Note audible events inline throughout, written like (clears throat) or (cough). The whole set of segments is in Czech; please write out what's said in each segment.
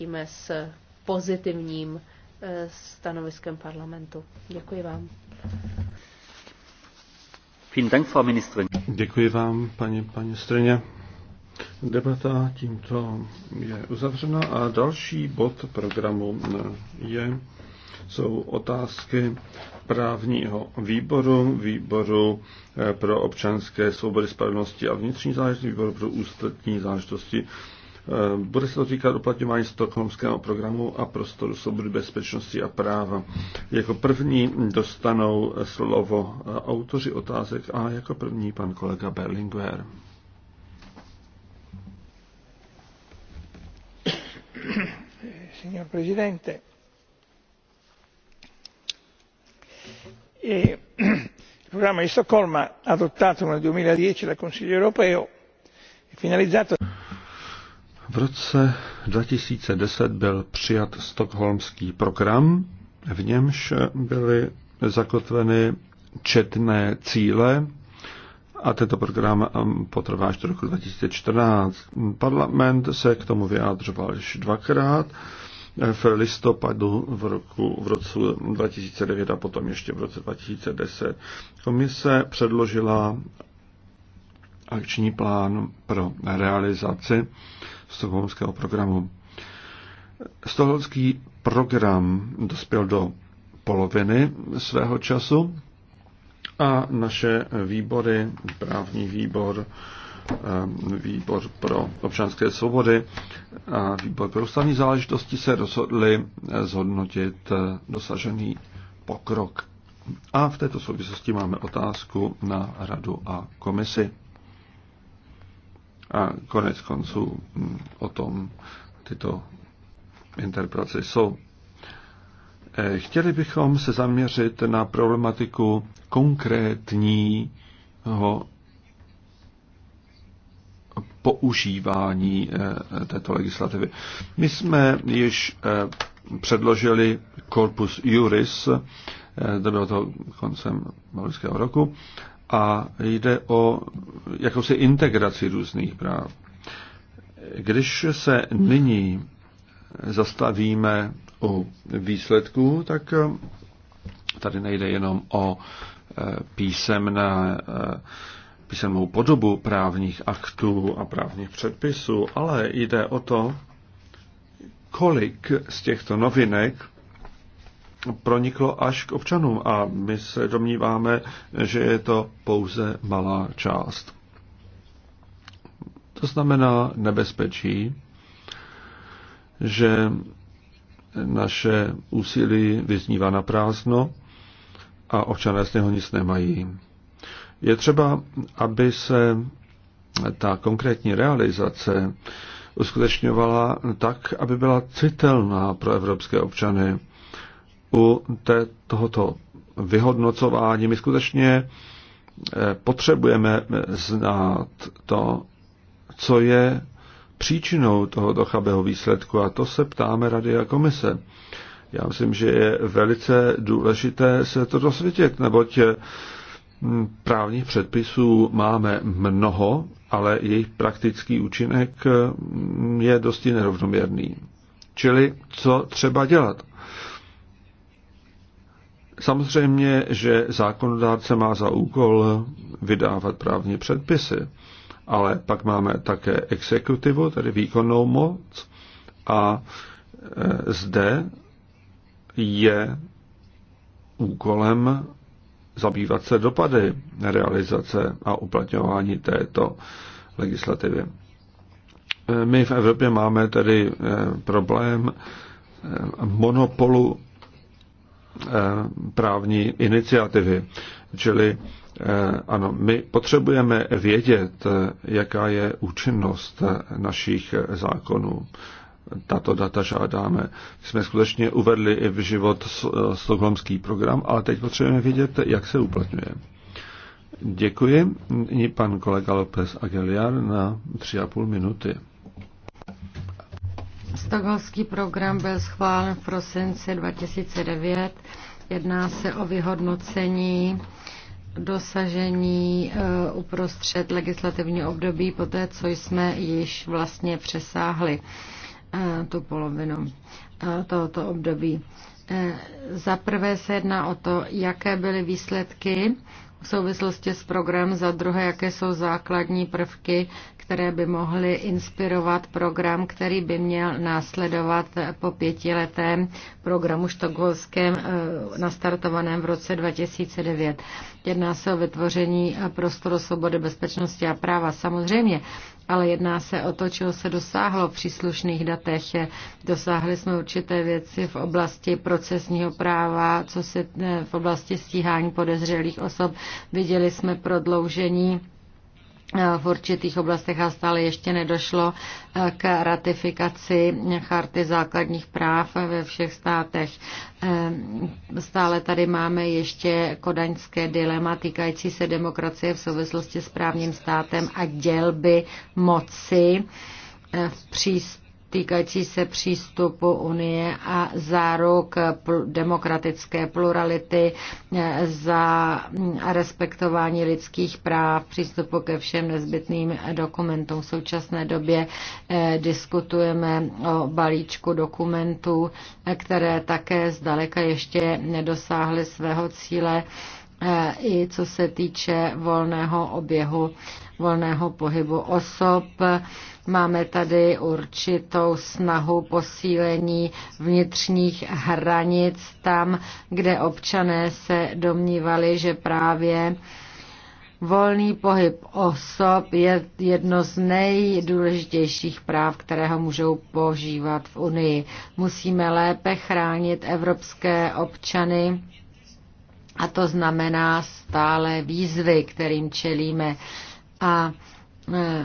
vrátíme s pozitivním eh, stanoviskem parlamentu. Děkuji vám. Děkuji vám, paní, paní Streně. Debata tímto je uzavřena a další bod programu eh, je, jsou otázky právního výboru, výboru eh, pro občanské svobody, spravedlnosti a vnitřní záležitosti, výboru pro ústřední záležitosti. Eh, bude se to týkat uplatňování stokholmského programu a prostoru svobody, bezpečnosti a práva. Jako první dostanou slovo eh, autoři otázek a jako první pan kolega Berlinguer. (coughs) Signor Presidente, eh, (coughs) il programma di Stoccolma adottato nel 2010 dal Consiglio europeo è finalizzato v roce 2010 byl přijat stokholmský program, v němž byly zakotveny četné cíle a tento program um, potrvá až do roku 2014. Parlament se k tomu vyjádřoval již dvakrát v listopadu v roku v roce 2009 a potom ještě v roce 2010. Komise předložila akční plán pro realizaci stokholmského programu. Stokholmský program dospěl do poloviny svého času a naše výbory, právní výbor, eh, výbor pro občanské svobody a výbor pro ústavní záležitosti se rozhodli eh, zhodnotit eh, dosažený pokrok. A v této souvislosti máme otázku na radu a komisi. A konec konců mm, o tom tyto interpretace jsou. Eh, chtěli bychom se zaměřit na problematiku konkrétního používání eh, této legislativy. My jsme již eh, předložili Corpus Juris, to bylo to koncem malického roku, a jde o jakousi integraci různých práv. Když se nyní zastavíme u výsledků, tak eh, tady nejde jenom o eh, písemné, eh, písemnou podobu právních aktů a právních předpisů, ale jde o to, kolik z těchto novinek proniklo až k občanům a my se domníváme, že je to pouze malá část. To znamená nebezpečí, že naše úsilí vyznívá na prázdno a občané z něho nic nemají. Je třeba, aby se ta konkrétní realizace uskutečňovala tak, aby byla citelná pro evropské občany u te, tohoto vyhodnocování. My skutečně eh, potřebujeme znát to, co je příčinou tohoto chabého výsledku a to se ptáme Rady a komise. Já myslím, že je velice důležité se to dosvědět, neboť eh, právních předpisů máme mnoho, ale jejich praktický účinek eh, je dosti nerovnoměrný. Čili co třeba dělat? Samozřejmě, že zákonodárce má za úkol vydávat právní předpisy, ale pak máme také exekutivu, tedy výkonnou moc, a e, zde je úkolem zabývat se dopady realizace a uplatňování této legislativy. E, my v Evropě máme tedy e, problém monopolu Eh, právní iniciativy. Čili eh, ano, my potřebujeme vědět, eh, jaká je účinnost našich zákonů. Tato data žádáme. Jsme skutečně uvedli i v život stokholmský program, ale teď potřebujeme vědět, jak se uplatňuje. Děkuji. Nyní pan kolega López Aguilar na tři a půl minuty. Stokholmský program byl schválen v prosinci 2009. Jedná se o vyhodnocení dosažení eh, uprostřed legislativního období, poté co jsme již vlastně přesáhli eh, tu polovinu eh, tohoto období. Za prvé se jedná o to, jaké byly výsledky v souvislosti s programem? za druhé, jaké jsou základní prvky, které by mohly inspirovat program, který by měl následovat po pětiletém programu štokholském eh, nastartovaném v roce 2009. Jedná se o vytvoření prostoru svobody, bezpečnosti a práva. Samozřejmě, ale jedná se o to, čeho se dosáhlo v příslušných datech. Dosáhli jsme určité věci v oblasti procesního práva, co se eh, v oblasti stíhání podezřelých osob. Viděli jsme prodloužení v určitých oblastech a stále ještě nedošlo eh, k ratifikaci charty základních práv ve všech státech. Eh, stále tady máme ještě kodaňské dilema týkající se demokracie v souvislosti s právním státem a dělby moci eh, v přístupu týkající se přístupu Unie a záruk demokratické plurality eh, za mm, respektování lidských práv, přístupu ke všem nezbytným dokumentům. V současné době eh, diskutujeme o balíčku dokumentů, eh, které také zdaleka ještě nedosáhly svého cíle E, i co se týče volného oběhu, volného pohybu osob. Máme tady určitou snahu posílení vnitřních hranic tam, kde občané se domnívali, že právě volný pohyb osob je jedno z nejdůležitějších práv, kterého můžou požívat v Unii. Musíme lépe chránit evropské občany a to znamená stále výzvy, kterým čelíme. A e,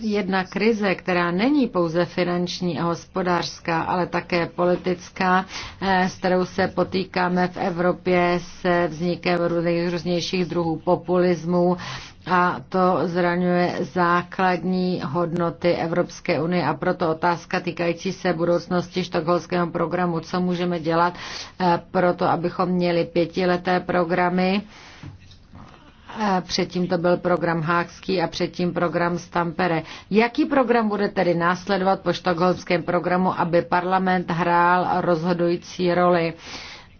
jedna krize, která není pouze finanční a hospodářská, ale také politická, e, s kterou se potýkáme v Evropě se vznikem různých různějších druhů populismu, a to zraňuje základní hodnoty Evropské unie a proto otázka týkající se budoucnosti štokholského programu, co můžeme dělat eh, pro to, abychom měli pětileté programy. Eh, předtím to byl program Hákský a předtím program Stampere. Jaký program bude tedy následovat po štokholmském programu, aby parlament hrál rozhodující roli?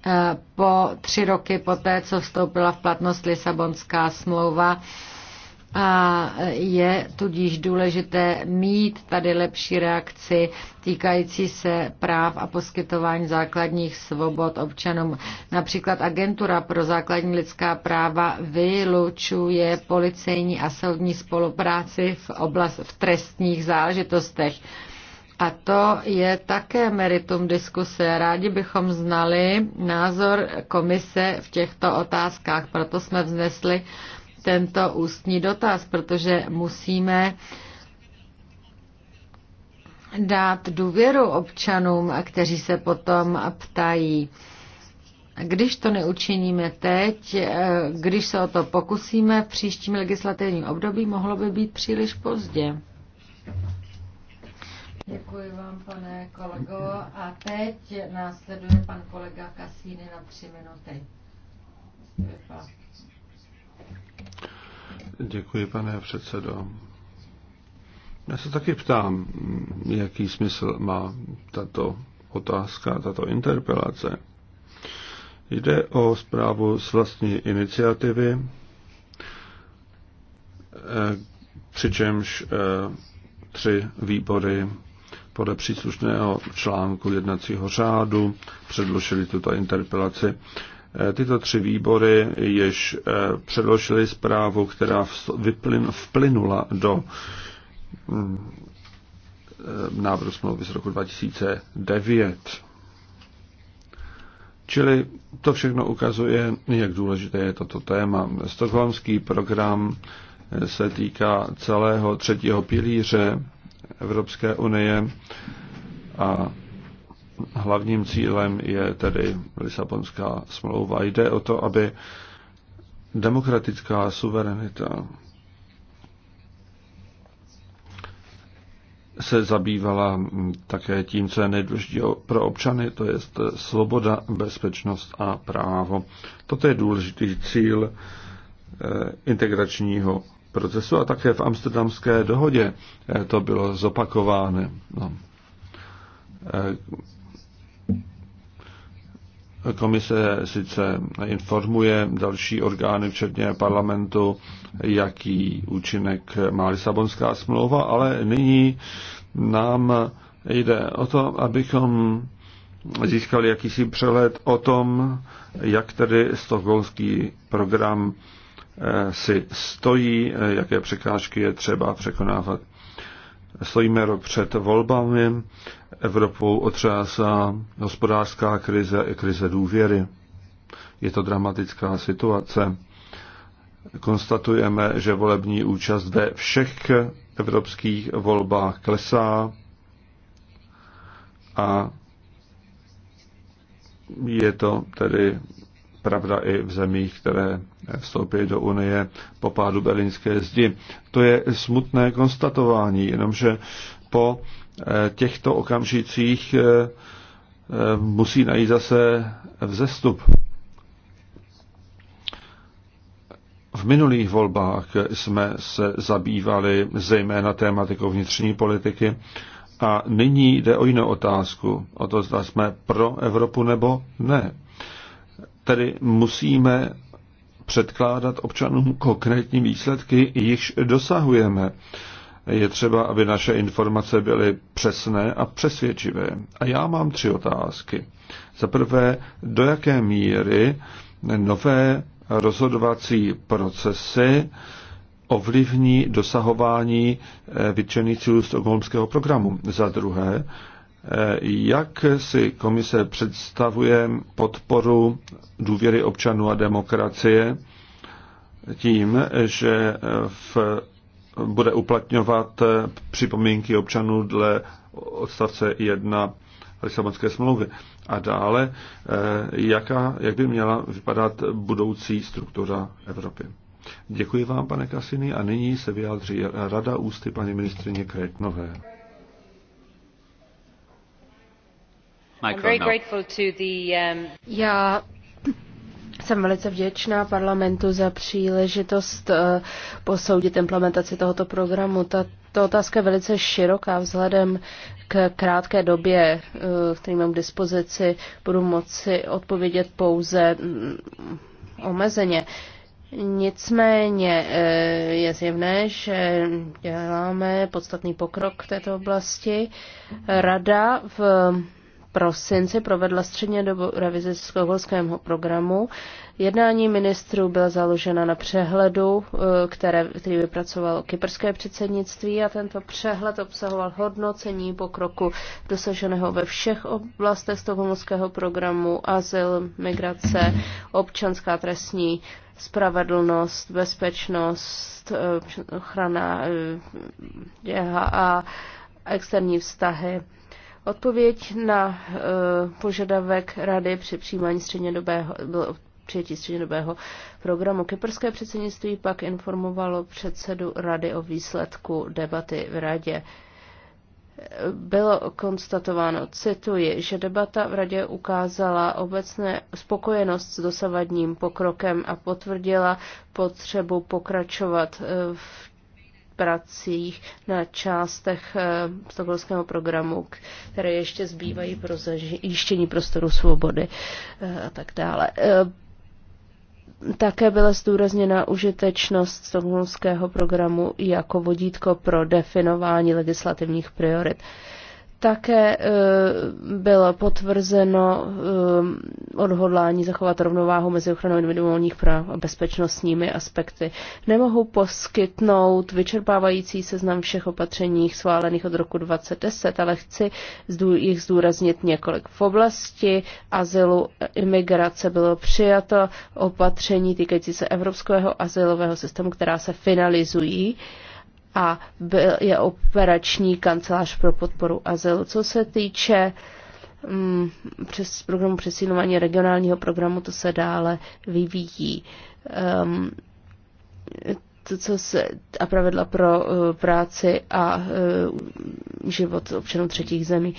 Eh, po tři roky poté, co vstoupila v platnost Lisabonská smlouva, a je tudíž důležité mít tady lepší reakci týkající se práv a poskytování základních svobod občanům. Například Agentura pro základní lidská práva vylučuje policejní a soudní spolupráci v, oblast, v trestních záležitostech. A to je také meritum diskuse. Rádi bychom znali názor komise v těchto otázkách, proto jsme vznesli tento ústní dotaz, protože musíme dát důvěru občanům, kteří se potom ptají. Když to neučiníme teď, když se o to pokusíme v příštím legislativním období, mohlo by být příliš pozdě. Děkuji vám, pane kolego. A teď následuje pan kolega Kasíny na tři minuty. Děkuji, pane předsedo. Já se taky ptám, jaký smysl má tato otázka, tato interpelace. Jde o zprávu z vlastní iniciativy, eh, přičemž eh, tři výbory podle příslušného článku jednacího řádu předložili tuto interpelaci. Tyto tři výbory jež eh, předložily zprávu, která vplynula do mm, eh, návrhu smlouvy z roku 2009. Čili to všechno ukazuje, jak důležité je toto téma. Stockholmský program eh, se týká celého třetího pilíře Evropské unie a hlavním cílem je tedy Lisabonská smlouva. Jde o to, aby demokratická suverenita se zabývala také tím, co je nejdůležitější pro občany, to je svoboda, bezpečnost a právo. Toto je důležitý cíl eh, integračního procesu a také v amsterdamské dohodě eh, to bylo zopakováno. No. Eh, Komise sice informuje další orgány, včetně parlamentu, jaký účinek má Lisabonská smlouva, ale nyní nám jde o to, abychom získali jakýsi přehled o tom, jak tedy stokholmský program eh, si stojí, eh, jaké překážky je třeba překonávat. Stojíme rok před volbami, Evropou otřásá hospodářská krize i krize důvěry. Je to dramatická situace. Konstatujeme, že volební účast ve všech evropských volbách klesá a je to tedy pravda i v zemích, které vstoupily do Unie po pádu berlínské zdi. To je smutné konstatování, jenomže po eh, těchto okamžicích eh, eh, musí najít zase vzestup. V minulých volbách jsme se zabývali zejména tématikou vnitřní politiky a nyní jde o jinou otázku, o to, zda jsme pro Evropu nebo ne tedy musíme předkládat občanům konkrétní výsledky, jichž dosahujeme. Je třeba, aby naše informace byly přesné a přesvědčivé. A já mám tři otázky. Za prvé, do jaké míry nové rozhodovací procesy ovlivní dosahování vytčených cílů stokholmského programu. Za druhé, jak si komise představuje podporu důvěry občanů a demokracie tím, že v, bude uplatňovat připomínky občanů dle odstavce 1 Lisabonské smlouvy? A dále, eh, jaká, jak by měla vypadat budoucí struktura Evropy? Děkuji vám, pane Kasiny, a nyní se vyjádří Rada ústy paní ministrině Kretnové. No. Um, Já jsem velice vděčná parlamentu za příležitost eh, posoudit implementaci tohoto programu. Tato otázka je velice široká vzhledem k krátké době, eh, který mám k dispozici, budu moci odpovědět pouze mm, omezeně. Nicméně eh, je zjevné, že děláme podstatný pokrok v této oblasti. Rada v prosinci provedla střednědobu revize stokholmského programu. Jednání ministrů byla založena na přehledu, eh, které, který vypracovalo kyperské předsednictví a tento přehled obsahoval hodnocení pokroku dosaženého ve všech oblastech stokholmského programu, azyl, migrace, občanská trestní spravedlnost, bezpečnost, eh, ochrana DHA, eh, externí vztahy Odpověď na eh, požadavek Rady při přijímání střednědobého, bylo přijetí střednědobého programu. Kyperské předsednictví pak informovalo předsedu Rady o výsledku debaty v Radě. Bylo konstatováno, cituji, že debata v Radě ukázala obecné spokojenost s dosavadním pokrokem a potvrdila potřebu pokračovat eh, v pracích na částech eh, stokholmského programu, které ještě zbývají pro zajištění prostoru svobody eh, a tak dále. Eh, také byla zdůrazněna užitečnost stokholmského programu jako vodítko pro definování legislativních priorit. Také eh, bylo potvrzeno eh, odhodlání zachovat rovnováhu mezi ochranou individuálních práv a bezpečnostními aspekty. Nemohu poskytnout vyčerpávající seznam všech opatření schválených od roku 2010, ale chci jich zdůraznit několik. V oblasti azylu eh, imigrace bylo přijato opatření týkající se evropského azylového systému, která se finalizují. E, a byl, je operační kancelář pro podporu azylu. Co se týče um, přes programu přesídlování regionálního programu, to se dále vyvíjí. Um, to, co se, a pravidla pro uh, práci a uh, život občanů třetích zemí. Uh,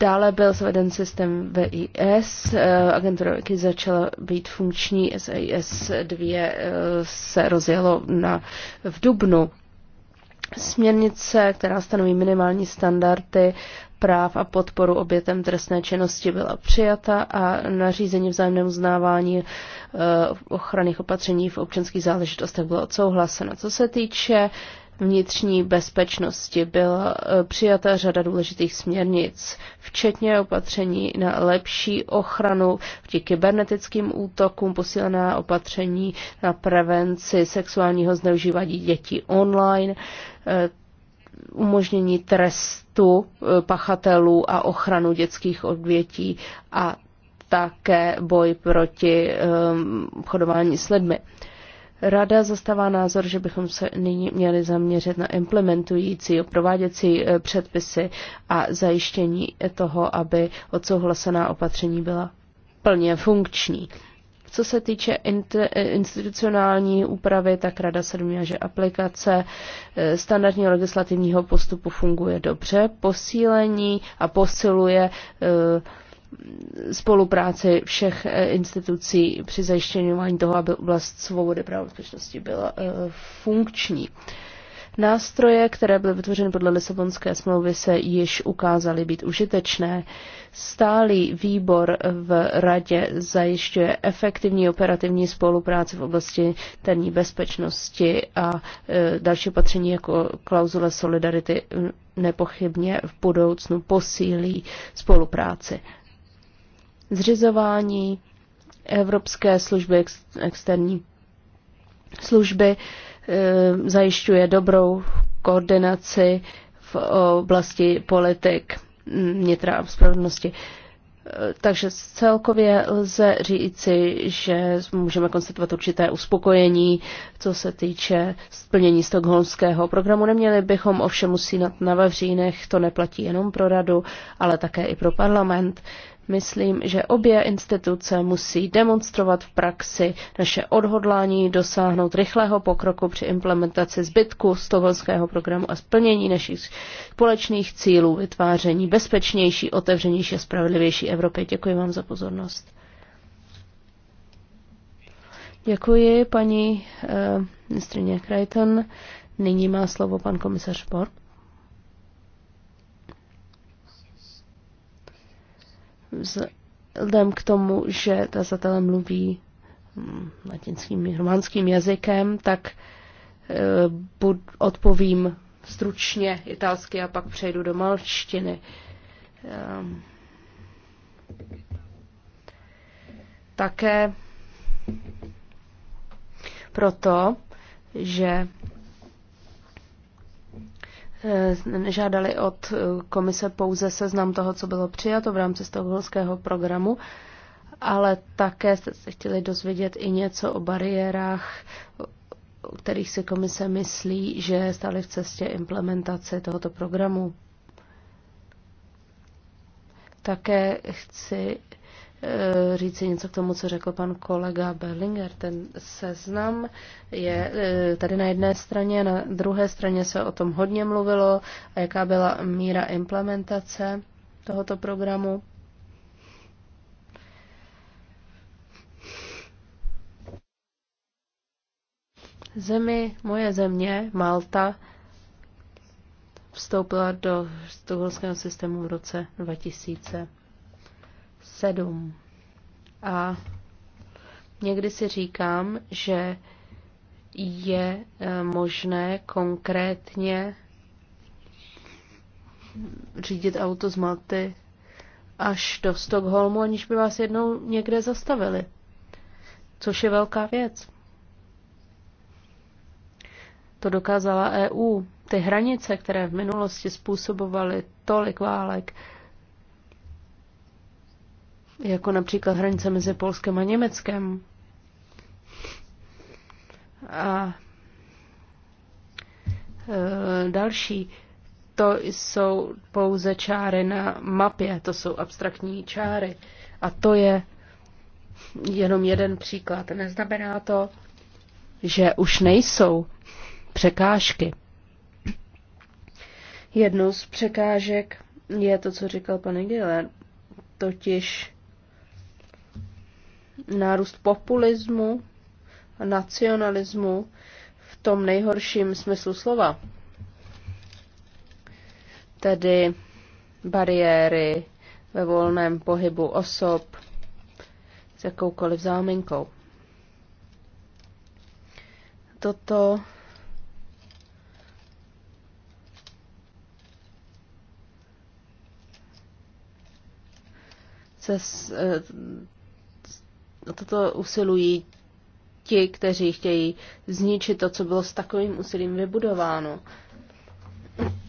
Dále byl zaveden systém VIS, eh, agentura začala být funkční, SIS 2 eh, se rozjelo na, v Dubnu. Směrnice, která stanoví minimální standardy práv a podporu obětem trestné činnosti byla přijata a nařízení vzájemném uznávání eh, ochranných opatření v občanských záležitostech bylo odsouhlaseno. Co se týče vnitřní bezpečnosti byla e, přijata řada důležitých směrnic, včetně opatření na lepší ochranu proti kybernetickým útokům, posílená opatření na prevenci sexuálního zneužívání dětí online, e, umožnění trestu e, pachatelů a ochranu dětských odvětí a také boj proti um, chodování s lidmi. Rada zastává názor, že bychom se nyní měli zaměřit na implementující, prováděcí eh, předpisy a zajištění toho, aby odsouhlasená opatření byla plně funkční. Co se týče eh, institucionální úpravy, tak Rada se domnívá, že aplikace eh, standardního legislativního postupu funguje dobře, posílení a posiluje uh, spolupráci všech eh, institucí při zajišťování toho, aby oblast svobody práva bezpečnosti byla eh, funkční. Nástroje, které byly vytvořeny podle Lisabonské smlouvy, se již ukázaly být užitečné. Stálý výbor v Radě zajišťuje efektivní operativní spolupráci v oblasti tenní bezpečnosti a eh, další opatření jako klauzule solidarity hm, nepochybně v budoucnu posílí spolupráci zřizování Evropské služby ex, externí služby e, zajišťuje dobrou koordinaci v oblasti politik vnitra a spravedlnosti. E, takže celkově lze říci, že můžeme konstatovat určité uspokojení, co se týče splnění stokholmského programu. Neměli bychom ovšem usínat na vavřínech, to neplatí jenom pro radu, ale také i pro parlament. Myslím, že obě instituce musí demonstrovat v praxi naše odhodlání dosáhnout rychlého pokroku při implementaci zbytku stokholmského programu a splnění našich společných cílů vytváření bezpečnější, otevřenější a spravedlivější Evropy. Děkuji vám za pozornost. Děkuji, paní uh, eh, ministrině Krajton. Nyní má slovo pan komisař Borg. vzhledem k tomu, že tazatelé mluví mm, latinským, románským jazykem, tak e, bud, odpovím stručně italsky a pak přejdu do malštiny. Ehm. Také proto, že Eh, žádali od eh, komise pouze seznam toho, co bylo přijato v rámci stokholmského programu, ale také jste se chtěli dozvědět i něco o bariérách, o kterých si komise myslí, že stály v cestě implementace tohoto programu. Také chci Eh, říci něco k tomu, co řekl pan kolega Berlinger. Ten seznam je eh, tady na jedné straně, na druhé straně se o tom hodně mluvilo a jaká byla míra implementace tohoto programu. Zemi, moje země, Malta, vstoupila do stokholmského systému v roce 2000. Sedm. A někdy si říkám, že je eh, možné konkrétně řídit auto z Malty až do Stockholmu, aniž by vás jednou někde zastavili. Což je velká věc. To dokázala EU. Ty hranice, které v minulosti způsobovaly tolik válek, jako například hranice mezi Polskem a Německem. A e, další, to jsou pouze čáry na mapě, to jsou abstraktní čáry. A to je jenom jeden příklad. Neznamená to, že už nejsou překážky. Jednou z překážek je to, co říkal pan Giller, totiž nárůst populismu, nacionalismu v tom nejhorším smyslu slova. Tedy bariéry ve volném pohybu osob s jakoukoliv záminkou. Toto se o toto usilují ti, kteří chtějí zničit to, co bylo s takovým úsilím vybudováno.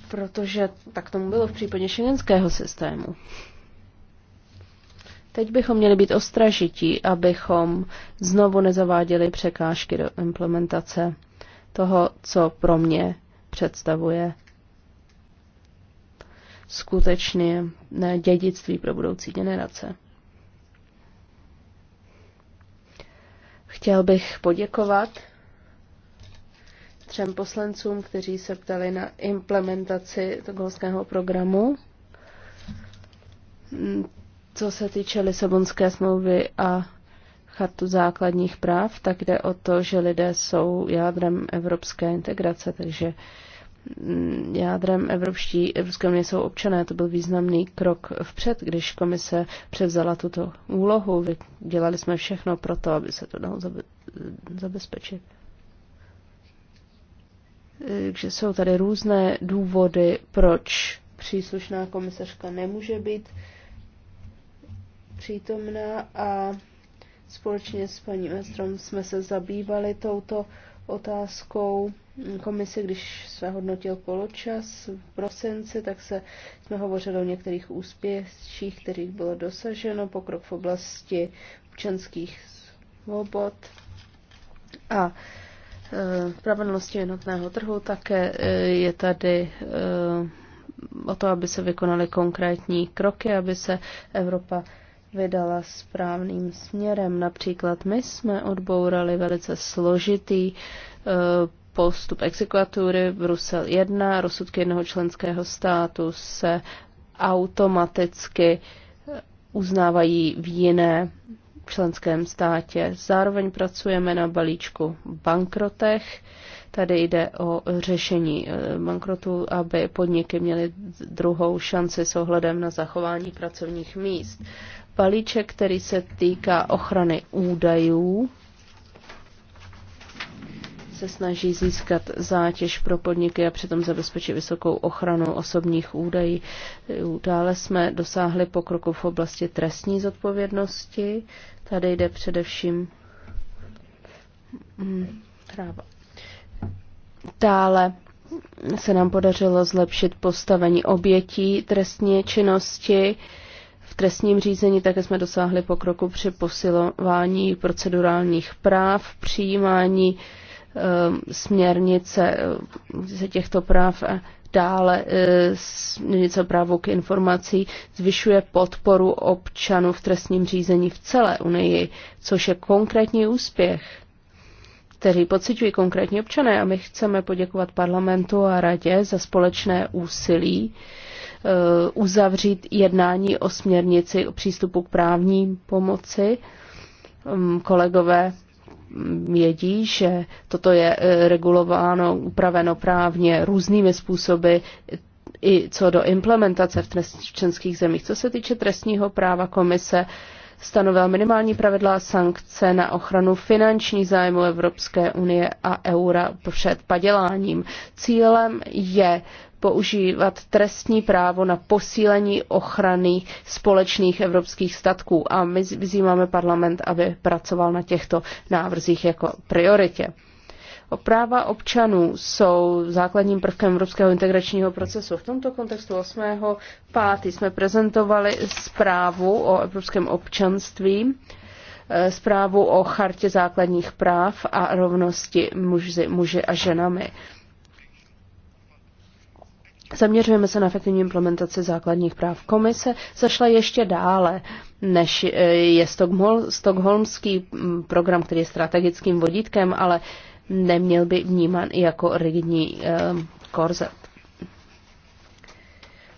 Protože tak tomu bylo v případě šengenského systému. Teď bychom měli být ostražití, abychom znovu nezaváděli překážky do implementace toho, co pro mě představuje skutečně dědictví pro budoucí generace. Chtěl bych poděkovat třem poslancům, kteří se ptali na implementaci toho programu. Co se týče Lisabonské smlouvy a chartu základních práv, tak jde o to, že lidé jsou jádrem evropské integrace, takže jádrem Evropští, Evropské unie jsou občané. To byl významný krok vpřed, když komise převzala tuto úlohu. Dělali jsme všechno pro to, aby se to dalo zabezpečit. Takže jsou tady různé důvody, proč příslušná komisařka nemůže být přítomná a společně s paní Mestrom jsme se zabývali touto otázkou komise, když se hodnotil poločas v prosince, tak se jsme hovořili o některých úspěších, kterých bylo dosaženo, pokrok v oblasti občanských svobod a e, spravedlnosti jednotného trhu. Také e, je tady e, o to, aby se vykonaly konkrétní kroky, aby se Evropa vydala správným směrem. Například my jsme odbourali velice složitý eh, postup exekvatury Brusel 1, rozsudky jednoho členského státu se automaticky eh, uznávají v jiné členském státě. Zároveň pracujeme na balíčku bankrotech. Tady jde o řešení eh, bankrotu, aby podniky měly druhou šanci s ohledem na zachování pracovních míst balíček, který se týká ochrany údajů, se snaží získat zátěž pro podniky a přitom zabezpečit vysokou ochranu osobních údajů. Dále jsme dosáhli pokroku v oblasti trestní zodpovědnosti. Tady jde především mm, práva. Dále se nám podařilo zlepšit postavení obětí trestní činnosti. V trestním řízení také jsme dosáhli pokroku při posilování procedurálních práv, přijímání ehm, směrnice ehm, ze těchto práv a dále ehm, směrnice právo k informací zvyšuje podporu občanů v trestním řízení v celé Unii, což je konkrétní úspěch, který pociťují konkrétní občané a my chceme poděkovat parlamentu a radě za společné úsilí Eh, uzavřít jednání o směrnici o přístupu k právní pomoci. Mm, kolegové mm, vědí, že toto je eh, regulováno, upraveno právně různými způsoby i co do implementace v, českých zemích. Co se týče trestního práva komise, stanovil minimální pravidla sankce na ochranu finanční zájmu Evropské unie a eura před paděláním. Cílem je používat trestní právo na posílení ochrany společných evropských statků a my vyzýváme parlament, aby pracoval na těchto návrzích jako prioritě. Práva občanů jsou základním prvkem evropského integračního procesu. V tomto kontextu 8. 5. jsme prezentovali zprávu o evropském občanství, eh, zprávu o chartě základních práv a rovnosti muži, muži a ženami. Zaměřujeme se na efektivní implementaci základních práv. Komise zašla ještě dále, než eh, je Stockholmský mm, program, který je strategickým vodítkem, ale neměl by vnímán jako rigidní eh, korzet.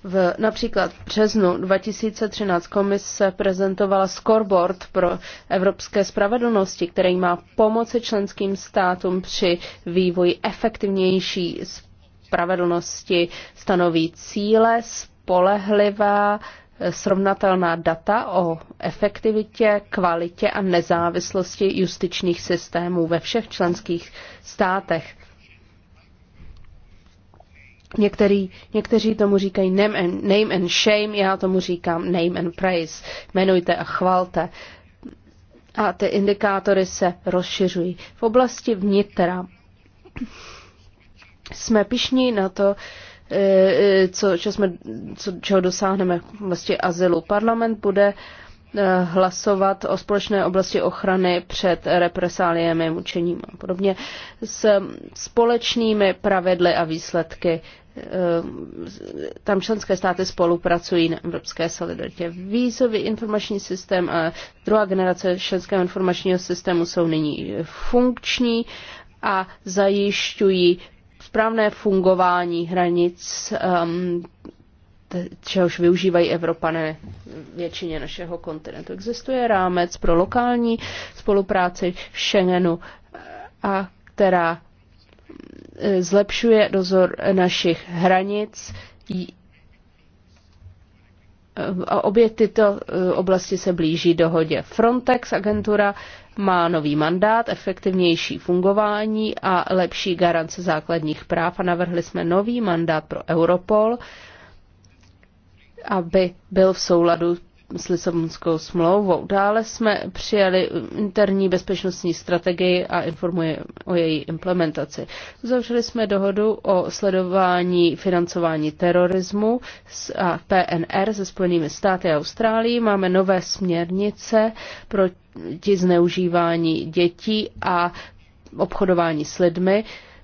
V například březnu 2013 komise prezentovala scoreboard pro evropské spravedlnosti, který má pomoci členským státům při vývoji efektivnější spravedlnosti, stanoví cíle, spolehlivá srovnatelná data o efektivitě, kvalitě a nezávislosti justičních systémů ve všech členských státech. Některý, někteří tomu říkají name and, name and shame, já tomu říkám name and praise. Jmenujte a chvalte. A ty indikátory se rozšiřují. V oblasti vnitra jsme pišní na to, E, e, co, čo jsme, co, čeho dosáhneme v oblasti azylu. Parlament bude e, hlasovat o společné oblasti ochrany před represáliemi, mučením a podobně s společnými pravidly a výsledky. Tam členské státy spolupracují na evropské solidaritě. Vízový informační systém a druhá generace členského informačního systému jsou nyní funkční a zajišťují správné fungování hranic, um, čehož využívají Evropané většině našeho kontinentu. Existuje rámec pro lokální spolupráci v Schengenu, a která eh, zlepšuje dozor našich hranic. Eh, a obě tyto eh, oblasti se blíží dohodě. Frontex agentura má nový mandát, efektivnější fungování a lepší garance základních práv a navrhli jsme nový mandát pro Europol, aby byl v souladu s Lisabonskou smlouvou. Dále jsme přijali interní bezpečnostní strategii a informuje o její implementaci. Uzavřeli jsme dohodu o sledování financování terorismu a PNR se Spojenými státy a Austrálií. Máme nové směrnice proti zneužívání dětí a obchodování s lidmi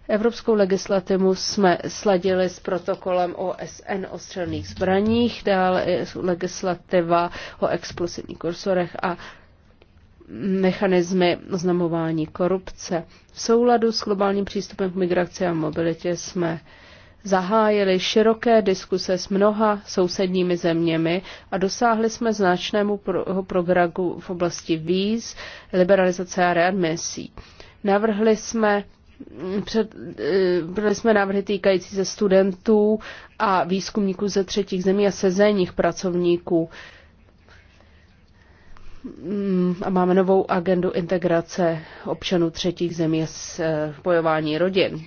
Evropskou legislativu jsme sladili s protokolem OSN o střelných zbraních, dále legislativa o explosivních kursorech a mechanismy oznamování korupce. V souladu s globálním přístupem k migraci a mobilitě jsme zahájili široké diskuse s mnoha sousedními zeměmi a dosáhli jsme značnému pro, programu v oblasti víz, liberalizace a readmisí. Navrhli jsme před, byli eh, jsme návrhy týkající se studentů a výzkumníků ze třetích zemí a sezénních pracovníků. Mm, a máme novou agendu integrace občanů třetích zemí s bojování eh, rodin.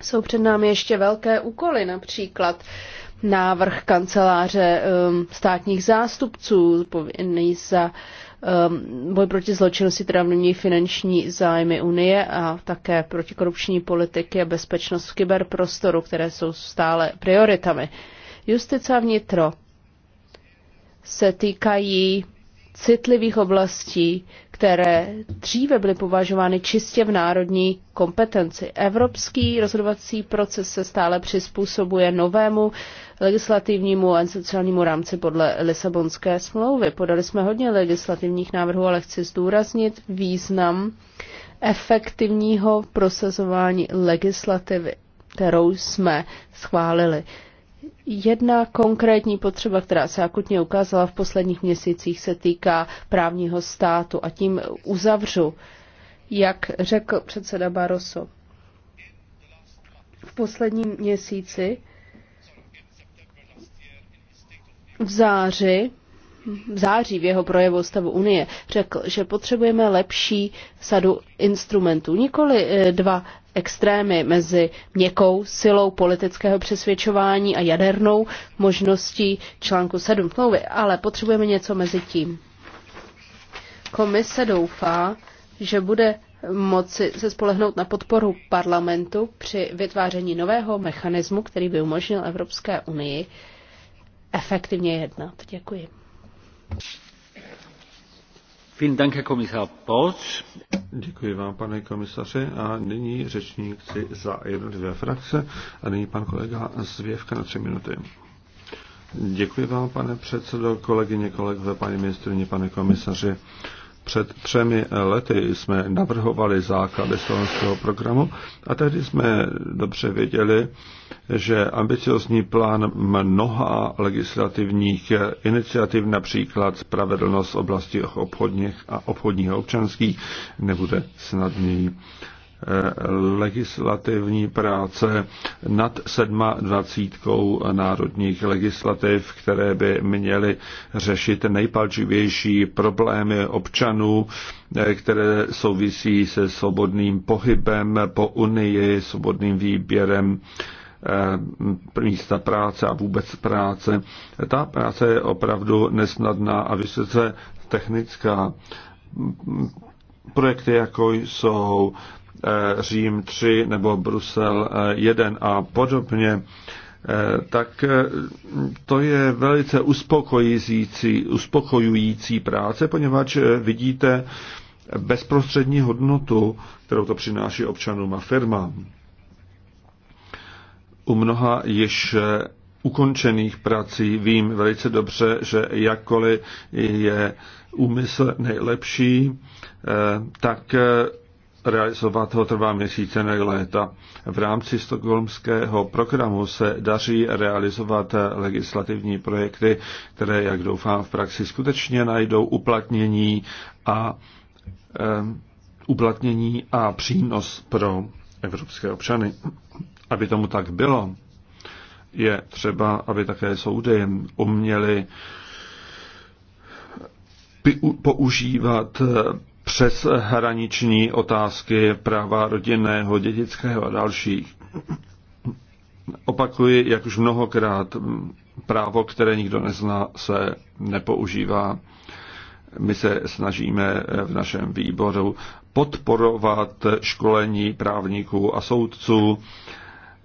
Jsou před námi ještě velké úkoly, například návrh kanceláře ehm, státních zástupců, povinný za Ehm, boj proti zločinu si teda mění finanční zájmy Unie a také protikorupční politiky a bezpečnost v kyberprostoru, které jsou stále prioritami. Justice a vnitro se týkají citlivých oblastí, které dříve byly považovány čistě v národní kompetenci. Evropský rozhodovací proces se stále přizpůsobuje novému legislativnímu a sociálnímu rámci podle Lisabonské smlouvy. Podali jsme hodně legislativních návrhů, ale chci zdůraznit význam efektivního procesování legislativy, kterou jsme schválili. Jedna konkrétní potřeba, která se akutně ukázala v posledních měsících, se týká právního státu a tím uzavřu, jak řekl předseda Barroso. V posledním měsíci v září v září v jeho projevu stavu Unie řekl, že potřebujeme lepší sadu instrumentů, nikoli e, dva extrémy mezi měkkou silou politického přesvědčování a jadernou možností článku 7 smlouvy, ale potřebujeme něco mezi tím. Komise doufá, že bude moci se spolehnout na podporu parlamentu při vytváření nového mechanismu, který by umožnil Evropské unii efektivně jednat. Děkuji. Děkuji vám, pane komisaři. A nyní řečníci za jednotlivé frakce. A nyní pan kolega Zvěvka na tři minuty. Děkuji vám, pane předsedo, kolegyně, kolegové, paní ministrině, pane komisaři. Před třemi lety jsme navrhovali základy slovenského programu a tehdy jsme dobře věděli, že ambiciozní plán mnoha legislativních iniciativ, například spravedlnost v oblasti obchodních a obchodních a občanských, nebude snadný. Eh, legislativní práce nad 27 národních legislativ, které by měly řešit nejpalčivější problémy občanů, eh, které souvisí se svobodným pohybem po Unii, svobodným výběrem eh, místa práce a vůbec práce. Ta práce je opravdu nesnadná a vysoce technická. Projekty, jako jsou Eh, Řím 3 nebo Brusel 1 eh, a podobně, eh, tak to je velice uspokojující, uspokojující práce, poněvadž vidíte bezprostřední hodnotu, kterou to přináší občanům a firmám. U mnoha již ukončených prací vím velice dobře, že jakkoliv je úmysl nejlepší, tak realizovat ho trvá měsíce nebo léta. V rámci stokholmského programu se daří realizovat legislativní projekty, které, jak doufám, v praxi skutečně najdou uplatnění a um, uplatnění a přínos pro evropské občany. Aby tomu tak bylo, je třeba, aby také soudy uměly používat přes hraniční otázky práva rodinného, dědického a dalších. Opakuji, jak už mnohokrát, právo, které nikdo nezná, se nepoužívá. My se snažíme v našem výboru podporovat školení právníků a soudců.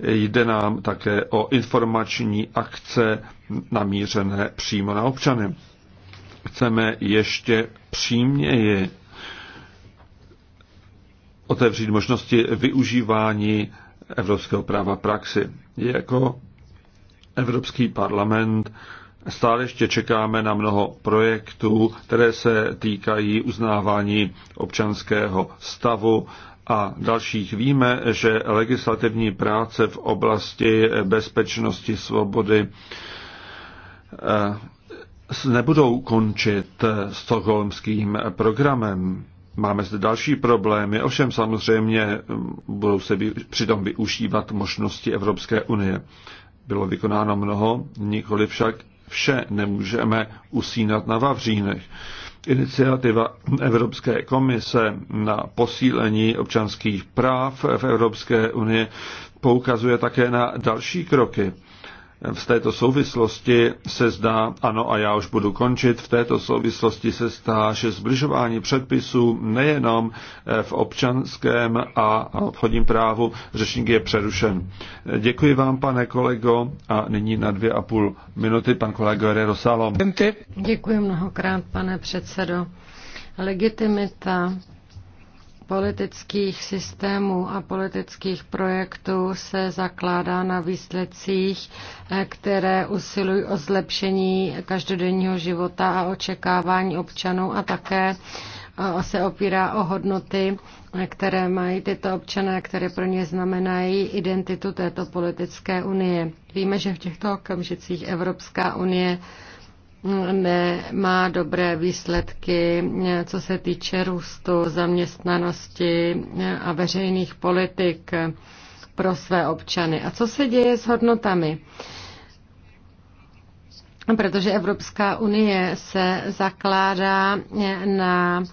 Jde nám také o informační akce namířené přímo na občany. Chceme ještě přímněji otevřít možnosti využívání evropského práva praxi. Jako Evropský parlament stále ještě čekáme na mnoho projektů, které se týkají uznávání občanského stavu a dalších. Víme, že legislativní práce v oblasti bezpečnosti, svobody eh, nebudou končit stokholmským programem. Máme zde další problémy, ovšem samozřejmě mm, budou se přitom využívat možnosti Evropské unie. Bylo vykonáno mnoho, nikoli však vše nemůžeme usínat na Vavřínech. Iniciativa Evropské komise na posílení občanských práv v Evropské unii poukazuje také na další kroky v této souvislosti se zdá, ano a já už budu končit, v této souvislosti se zdá, že zbližování předpisů nejenom eh, v občanském a obchodním právu řečník je přerušen. Děkuji vám, pane kolego, a nyní na dvě a půl minuty pan kolego Guerrero Salom. Děkuji mnohokrát, pane předsedo. Legitimita politických systémů a politických projektů se zakládá na výsledcích, eh, které usilují o zlepšení každodenního života a očekávání občanů a také eh, se opírá o hodnoty, eh, které mají tyto občané, které pro ně znamenají identitu této politické unie. Víme, že v těchto okamžicích Evropská unie má dobré výsledky, co se týče růstu, zaměstnanosti a veřejných politik pro své občany. A co se děje s hodnotami? Protože Evropská unie se zakládá na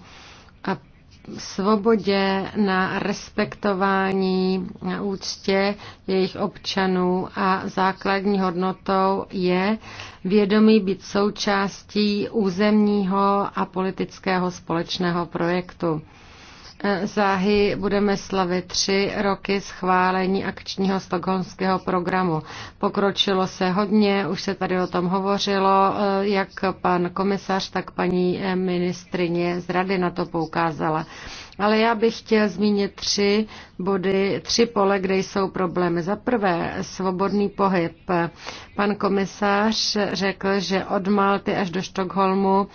svobodě, na respektování, na úctě jejich občanů a základní hodnotou je vědomí být součástí územního a politického společného projektu. Záhy budeme slavit tři roky schválení akčního stokholmského programu. Pokročilo se hodně, už se tady o tom hovořilo, eh, jak pan komisař, tak paní eh, ministrině z rady na to poukázala. Ale já bych chtěl zmínit tři body, tři pole, kde jsou problémy. Za prvé, svobodný pohyb. Pan komisář řekl, že od Malty až do Štokholmu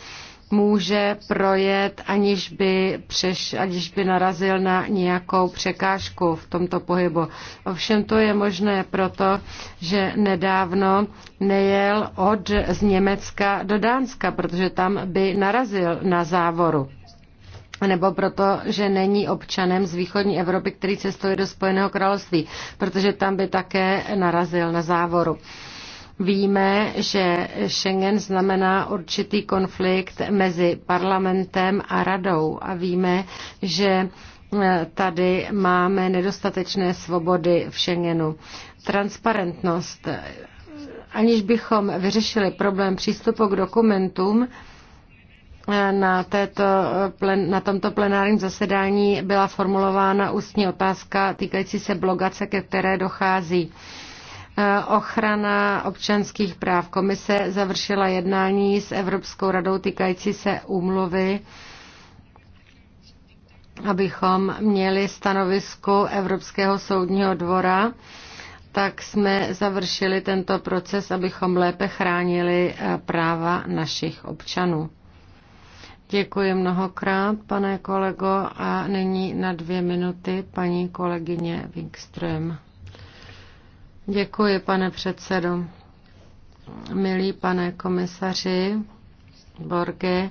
může projet, aniž by, přeš, aniž by narazil na nějakou překážku v tomto pohybu. Ovšem to je možné proto, že nedávno nejel od z Německa do Dánska, protože tam by narazil na závoru nebo proto, že není občanem z východní Evropy, který cestuje do Spojeného království, protože tam by také narazil na závoru. Víme, že Schengen znamená určitý konflikt mezi parlamentem a radou a víme, že eh, tady máme nedostatečné svobody v Schengenu. Transparentnost. Aniž bychom vyřešili problém přístupu k dokumentům, eh, na, této, eh, na tomto plenárním zasedání byla formulována ústní otázka týkající se blogace, ke které dochází. Eh, ochrana občanských práv. Komise završila jednání s Evropskou radou týkající se úmluvy abychom měli stanovisko Evropského soudního dvora, tak jsme završili tento proces, abychom lépe chránili eh, práva našich občanů. Děkuji mnohokrát, pane kolego, a nyní na dvě minuty paní kolegyně Wingström. Děkuji, pane předsedo. Milý pane komisaři Borge,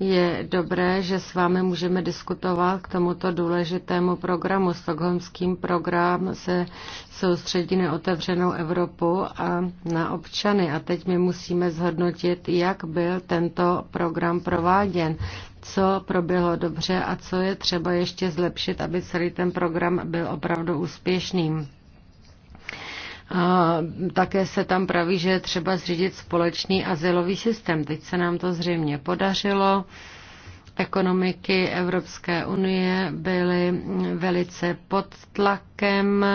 je dobré, že s vámi můžeme diskutovat k tomuto důležitému programu. Stockholmským program se soustředí na otevřenou Evropu a na občany. A teď my musíme zhodnotit, jak byl tento program prováděn, co proběhlo dobře a co je třeba ještě zlepšit, aby celý ten program byl opravdu úspěšným. A také se tam praví, že je třeba zřídit společný asilový systém. Teď se nám to zřejmě podařilo. Ekonomiky Evropské unie byly velice pod tlakem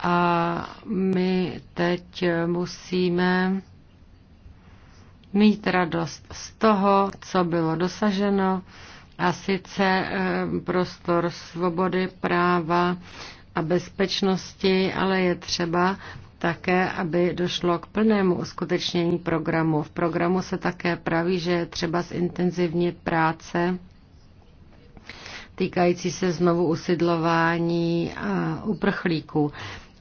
a my teď musíme mít radost z toho, co bylo dosaženo, a sice eh, prostor svobody, práva a bezpečnosti, ale je třeba také, aby došlo k plnému uskutečnění programu. V programu se také praví, že je třeba zintenzivnit práce týkající se znovu usidlování a uprchlíků.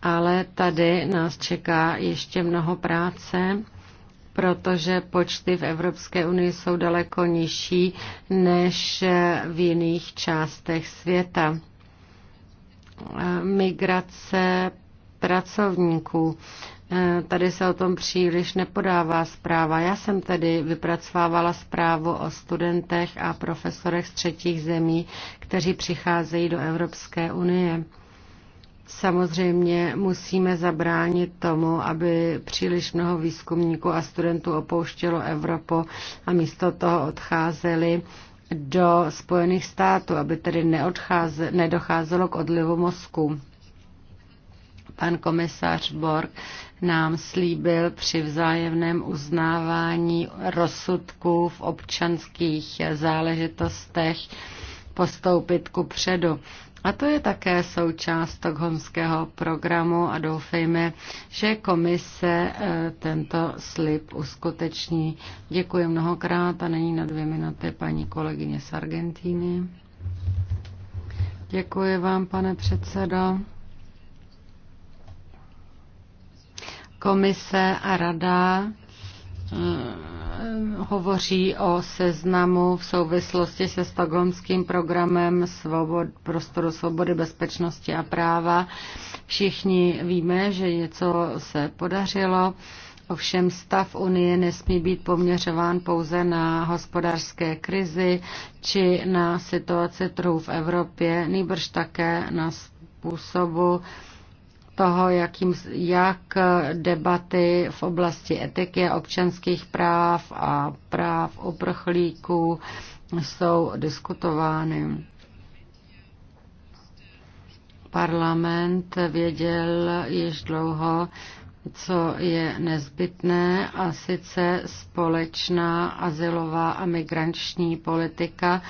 Ale tady nás čeká ještě mnoho práce, protože počty v Evropské unii jsou daleko nižší než v jiných částech světa migrace pracovníků. Eh, tady se o tom příliš nepodává zpráva. Já jsem tedy vypracovávala zprávu o studentech a profesorech z třetích zemí, kteří přicházejí do Evropské unie. Samozřejmě musíme zabránit tomu, aby příliš mnoho výzkumníků a studentů opouštělo Evropu a místo toho odcházeli do Spojených států, aby tedy neodcháze, nedocházelo k odlivu mozku. Pan komisař Borg nám slíbil při vzájemném uznávání rozsudků v občanských záležitostech postoupit ku předu. A to je také součást stokholmského programu a doufejme, že komise eh, tento slib uskuteční. Děkuji mnohokrát a není na dvě minuty paní kolegyně z Argentíny. Děkuji vám, pane předsedo. Komise a rada Eh, hovoří o seznamu v souvislosti se stokholmským programem svobod, prostoru svobody, bezpečnosti a práva. Všichni víme, že něco se podařilo. Ovšem stav Unie nesmí být poměřován pouze na hospodářské krizi či na situaci trhů v Evropě, nýbrž také na způsobu, toho, jakým, jak debaty v oblasti etiky a občanských práv a práv uprchlíků jsou diskutovány. Parlament věděl již dlouho, co je nezbytné, a sice společná azylová a migranční politika,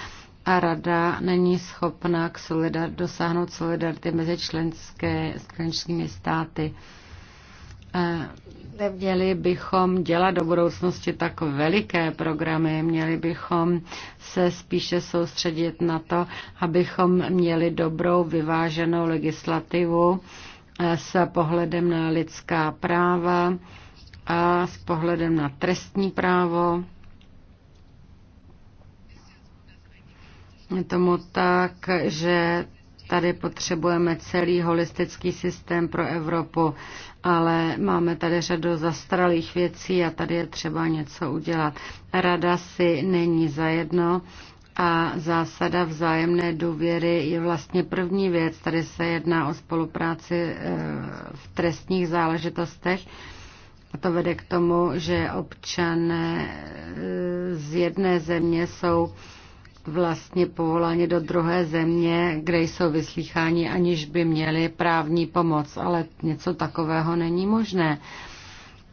a rada není schopna k solidar, dosáhnout solidarity mezi členské, členskými státy. E, měli bychom dělat do budoucnosti tak veliké programy, měli bychom se spíše soustředit na to, abychom měli dobrou vyváženou legislativu e, s pohledem na lidská práva a s pohledem na trestní právo Je tomu tak, že tady potřebujeme celý holistický systém pro Evropu, ale máme tady řadu zastralých věcí a tady je třeba něco udělat. Rada si není zajedno a zásada vzájemné důvěry je vlastně první věc. Tady se jedná o spolupráci eh, v trestních záležitostech. A to vede k tomu, že občané eh, z jedné země jsou vlastně povoláni do druhé země, kde jsou vyslýcháni, aniž by měli právní pomoc, ale něco takového není možné.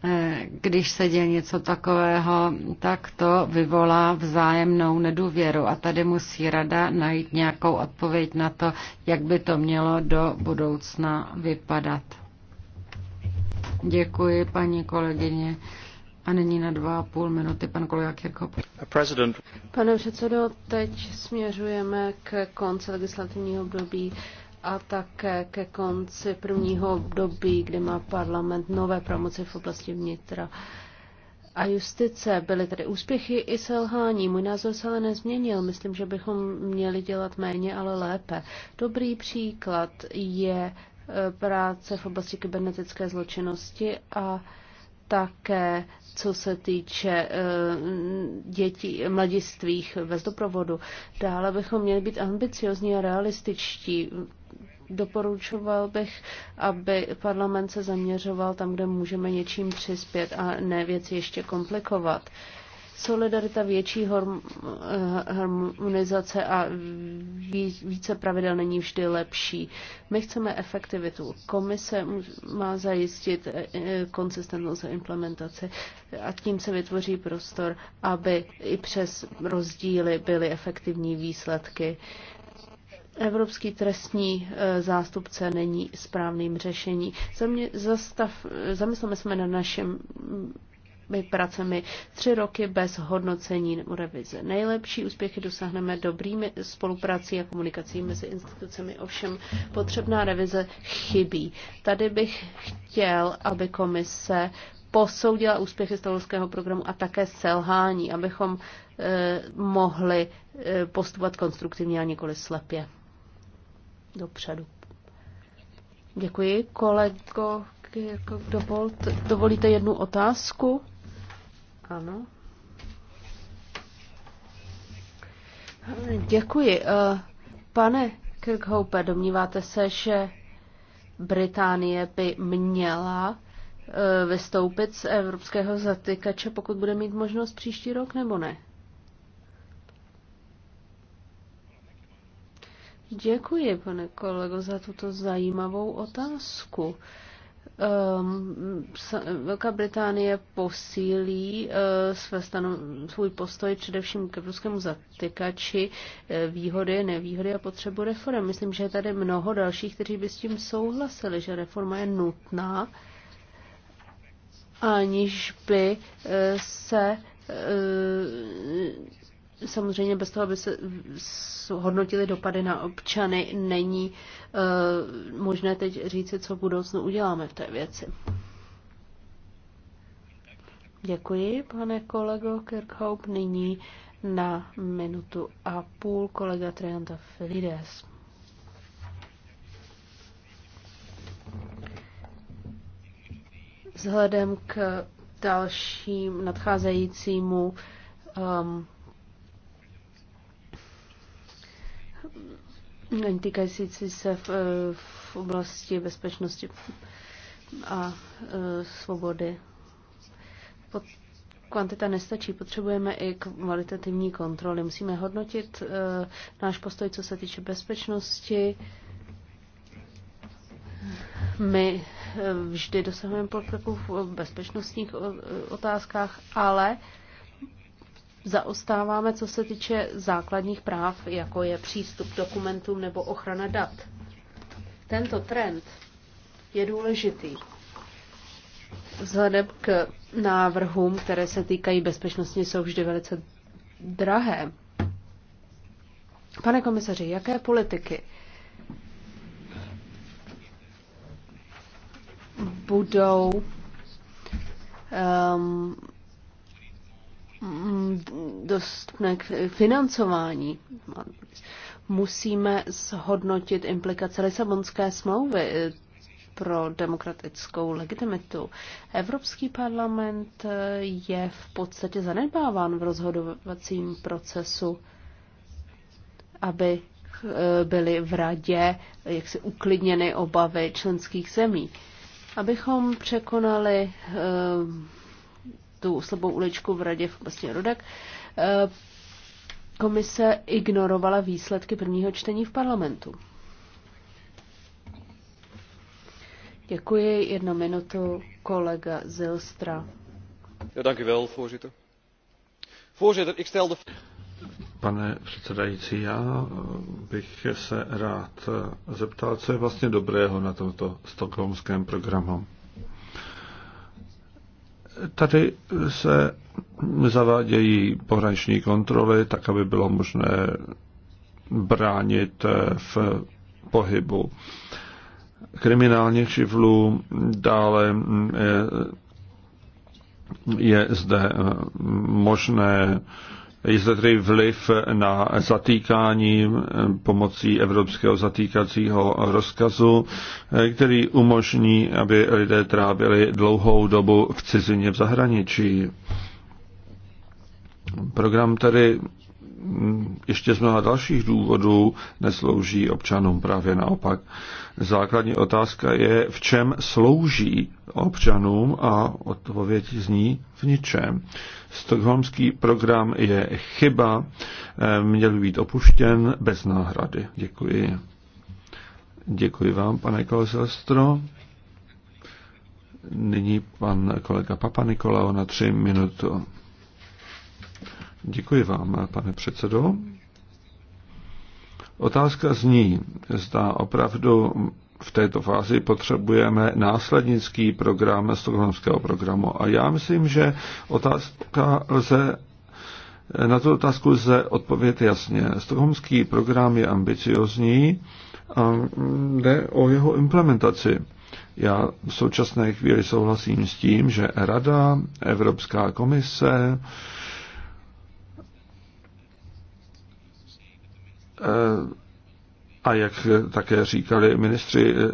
Eh, když se děje něco takového, tak to vyvolá vzájemnou nedůvěru a tady musí rada najít nějakou odpověď na to, jak by to mělo do budoucna vypadat. Děkuji, paní kolegyně. A nyní na dva a půl minuty pan kolega Kirchhoff. Pane předsedo, teď směřujeme k konci legislativního období a také ke konci prvního období, kdy má parlament nové pravomoci v oblasti vnitra a justice. Byly tedy úspěchy i selhání. Můj názor se ale nezměnil. Myslím, že bychom měli dělat méně, ale lépe. Dobrý příklad je eh, práce v oblasti kybernetické zločinnosti a také co se týče eh, dětí, mladistvých bez doprovodu. Dále bychom měli být ambiciozní a realističtí. Doporučoval bych, aby parlament se zaměřoval tam, kde můžeme něčím přispět a ne věci ještě komplikovat. Uh, solidarita, větší eh, harmonizace a více pravidel není vždy lepší. My chceme efektivitu. Komise má zajistit eh, konsistentnost implementaci a tím se vytvoří prostor, aby i přes rozdíly byly efektivní výsledky. Evropský trestní eh, zástupce není správným řešení. Zamě, zastav, zamysleme jsme na našem pracemi, tři roky bez hodnocení nebo revize. Nejlepší úspěchy dosáhneme dobrými spoluprací a komunikací mezi institucemi, ovšem potřebná revize chybí. Tady bych chtěl, aby komise posoudila úspěchy stavovského programu a také selhání, abychom e, mohli e, postupovat konstruktivně a nikoli slepě dopředu. Děkuji. Kolego, dovolte, dovolíte jednu otázku? Ano. Děkuji. Eh, pane Kirkhope, domníváte se, že Británie by měla eh, vystoupit z evropského zatykače, pokud bude mít možnost příští rok, nebo ne? Děkuji, pane kolego, za tuto zajímavou otázku. Ehm, Velká Británie posílí eh, své svůj postoj především k ruskému zatykači, eh, výhody, nevýhody a potřebu reform. Myslím, že je tady mnoho dalších, kteří by s tím souhlasili, že reforma je nutná, aniž by eh, se samozřejmě bez toho, aby se hodnotili dopady na občany, není uh, možné teď říci, co v budoucnu uděláme v té věci. Děkuji, pane kolego Kirkhope. Nyní na minutu a půl kolega Trianta Felides. Vzhledem k dalším nadcházejícímu um, týkající se v, v oblasti bezpečnosti a e, svobody. Pod, kvantita nestačí, potřebujeme i kvalitativní kontroly. Musíme hodnotit e, náš postoj, co se týče bezpečnosti. My e, vždy dosahujeme pokroku v bezpečnostních e, otázkách, ale e, zaostáváme, co se týče základních práv, jako je přístup k dokumentům nebo ochrana dat. Tento trend je důležitý vzhledem k návrhům, které se týkají bezpečnosti, jsou vždy velice drahé. Pane komisaři, jaké politiky budou um, Mm, dostupné k financování. Musíme zhodnotit implikace Lisabonské smlouvy eh, pro demokratickou legitimitu. Evropský parlament eh, je v podstatě zanedbáván v rozhodovacím procesu, aby eh, byly v radě jaksi uklidněny obavy členských zemí. Abychom překonali tu slabou uličku v radě v oblasti Rodak, eh, komise ignorovala výsledky prvního čtení v parlamentu. Děkuji. Jednu minutu kolega Zilstra. Ja, Děkuji vel, voorzitter. Voorzitter, ik stelde... Pane předsedající, já bych se rád zeptal, co je vlastně dobrého na tomto stokholmském programu. Tady se zavádějí pohraniční kontroly, tak aby bylo možné bránit v pohybu kriminálních živlů, dále eh, je zde eh, možné je zde tedy vliv na zatýkání eh, pomocí evropského zatýkacího rozkazu, eh, který umožní, aby lidé trávili dlouhou dobu v cizině v zahraničí. Program tedy ještě z mnoha dalších důvodů neslouží občanům, právě naopak. Základní otázka je, v čem slouží občanům a odpověď zní v ničem. Stockholmský program je chyba, eh, měl být opuštěn bez náhrady. Děkuji. Děkuji vám, pane Kolzelstro. Nyní pan kolega Papa Nikolao na tři minutu. Děkuji vám, pane předsedo. Otázka zní, zda opravdu v této fázi potřebujeme následnický program stokholmského programu. A já myslím, že otázka lze, na tu otázku lze odpovědět jasně. Stokholmský program je ambiciozní a jde o jeho implementaci. Já v současné chvíli souhlasím s tím, že Rada, Evropská komise, Eh, a jak také říkali ministři, eh,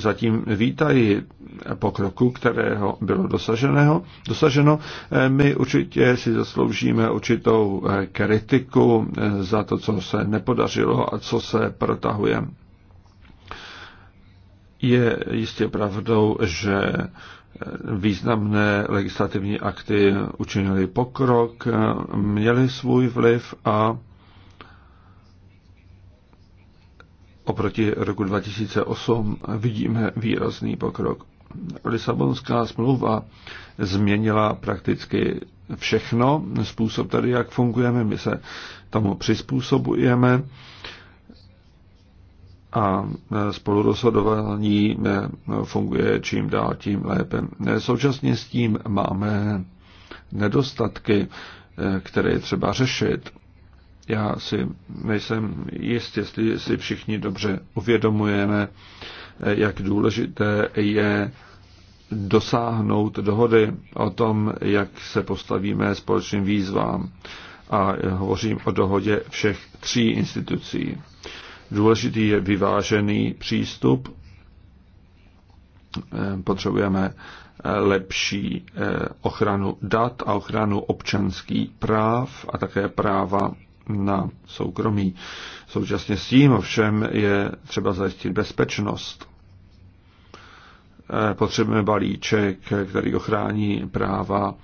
zatím vítají pokroku, kterého bylo dosaženého, dosaženo. Eh, my určitě si zasloužíme určitou kritiku za to, co se nepodařilo a co se protahuje. Je jistě pravdou, že významné legislativní akty učinili pokrok, měli svůj vliv a oproti roku 2008 vidíme výrazný pokrok. Lisabonská smlouva změnila prakticky všechno, způsob tady, jak fungujeme, my se tomu přizpůsobujeme a spolurozhodování eh, funguje čím dál tím lépe. Současně s tím máme nedostatky, eh, které je třeba řešit já si nejsem jist, jestli si všichni dobře uvědomujeme, jak důležité je dosáhnout dohody o tom, jak se postavíme společným výzvám. A hovořím o dohodě všech tří institucí. Důležitý je vyvážený přístup. Potřebujeme lepší eh, ochranu dat a ochranu občanských práv a také práva na soukromí. Současně s tím ovšem je třeba zajistit bezpečnost. Eh, potřebujeme balíček, který ochrání práva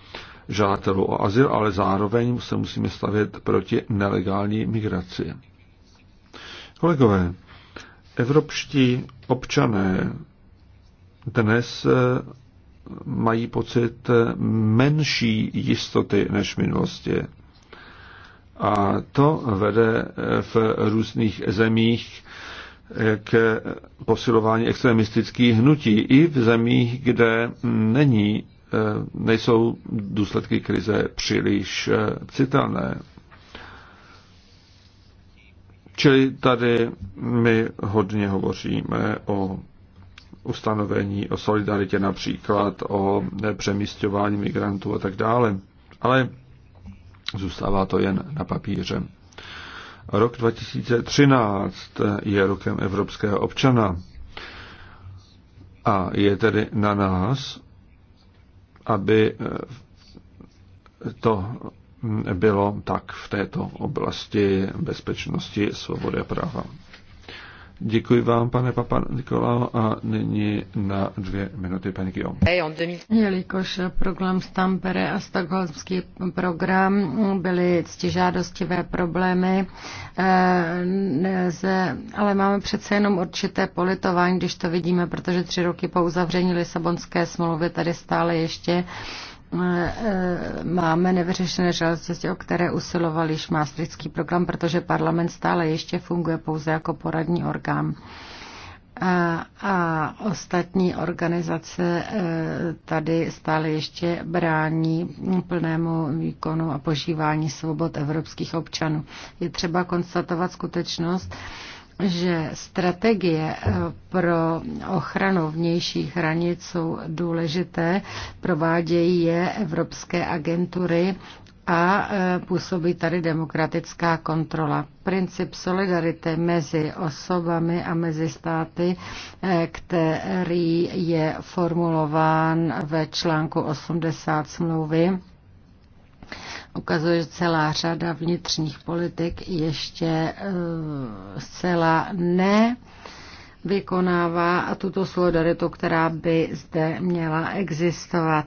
žádatelů o azyl, ale zároveň se musíme stavět proti nelegální migraci. Kolegové, evropští občané dnes eh, mají pocit eh, menší jistoty než v minulosti. A to vede eh, v různých zemích eh, k posilování extremistických hnutí i v zemích, kde není, eh, nejsou důsledky krize příliš citelné. Čili tady my hodně hovoříme o ustanovení, o solidaritě například, o přemístování migrantů a tak dále. Ale Zůstává to jen na papíře. Rok 2013 je rokem evropského občana a je tedy na nás, aby eh, to bylo tak v této oblasti bezpečnosti, svobody a práva. Děkuji vám, pane Papa Nikolao, a nyní na dvě minuty, paní Kio. Jelikož program z Tampere a stokholmský program byly ctižádostivé problémy, eh, ale máme přece jenom určité politování, když to vidíme, protože tři roky po uzavření Lisabonské smlouvy tady stále ještě Eh, máme nevyřešené žádosti, o které usiloval již Maastrichtský program, protože parlament stále ještě funguje pouze jako poradní orgán. A, eh, a ostatní organizace eh, tady stále ještě brání plnému výkonu a požívání svobod evropských občanů. Je třeba konstatovat skutečnost, že strategie eh, pro ochranu vnějších hranic jsou důležité, provádějí je evropské agentury a eh, působí tady demokratická kontrola. Princip solidarity mezi osobami a mezi státy, eh, který je formulován ve článku 80 smlouvy, ukazuje, že celá řada vnitřních politik ještě eh, zcela ne vykonává a tuto solidaritu, která by zde měla existovat.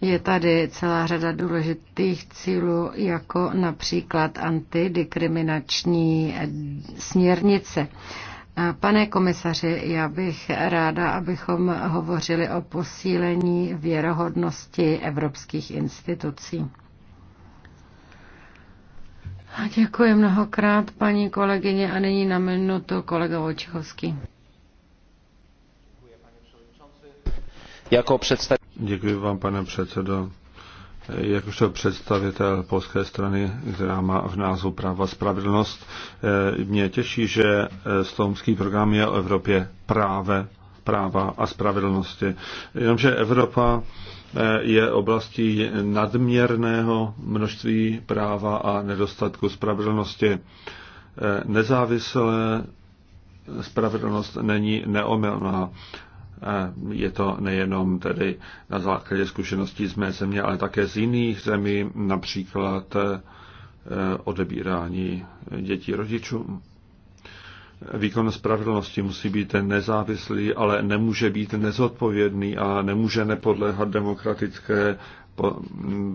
Je tady celá řada důležitých cílů, jako například antidiskriminační eh, směrnice. Pane komisaři, já bych ráda, abychom hovořili o posílení věrohodnosti evropských institucí. A děkuji mnohokrát, paní kolegyně, a nyní na minutu kolega Vojčichovský. Jako představ... Děkuji vám, pane předsedo. Jakožto představitel polské strany, která má v názvu práva spravedlnost, eh, mě těší, že eh, stomský program je o Evropě práve, práva a spravedlnosti. Jenomže Evropa je oblastí nadměrného množství práva a nedostatku spravedlnosti. Nezávislé spravedlnost není neomylná. Je to nejenom tedy na základě zkušeností z mé země, ale také z jiných zemí, například odebírání dětí rodičům výkon spravedlnosti musí být nezávislý, ale nemůže být nezodpovědný a nemůže nepodléhat demokratické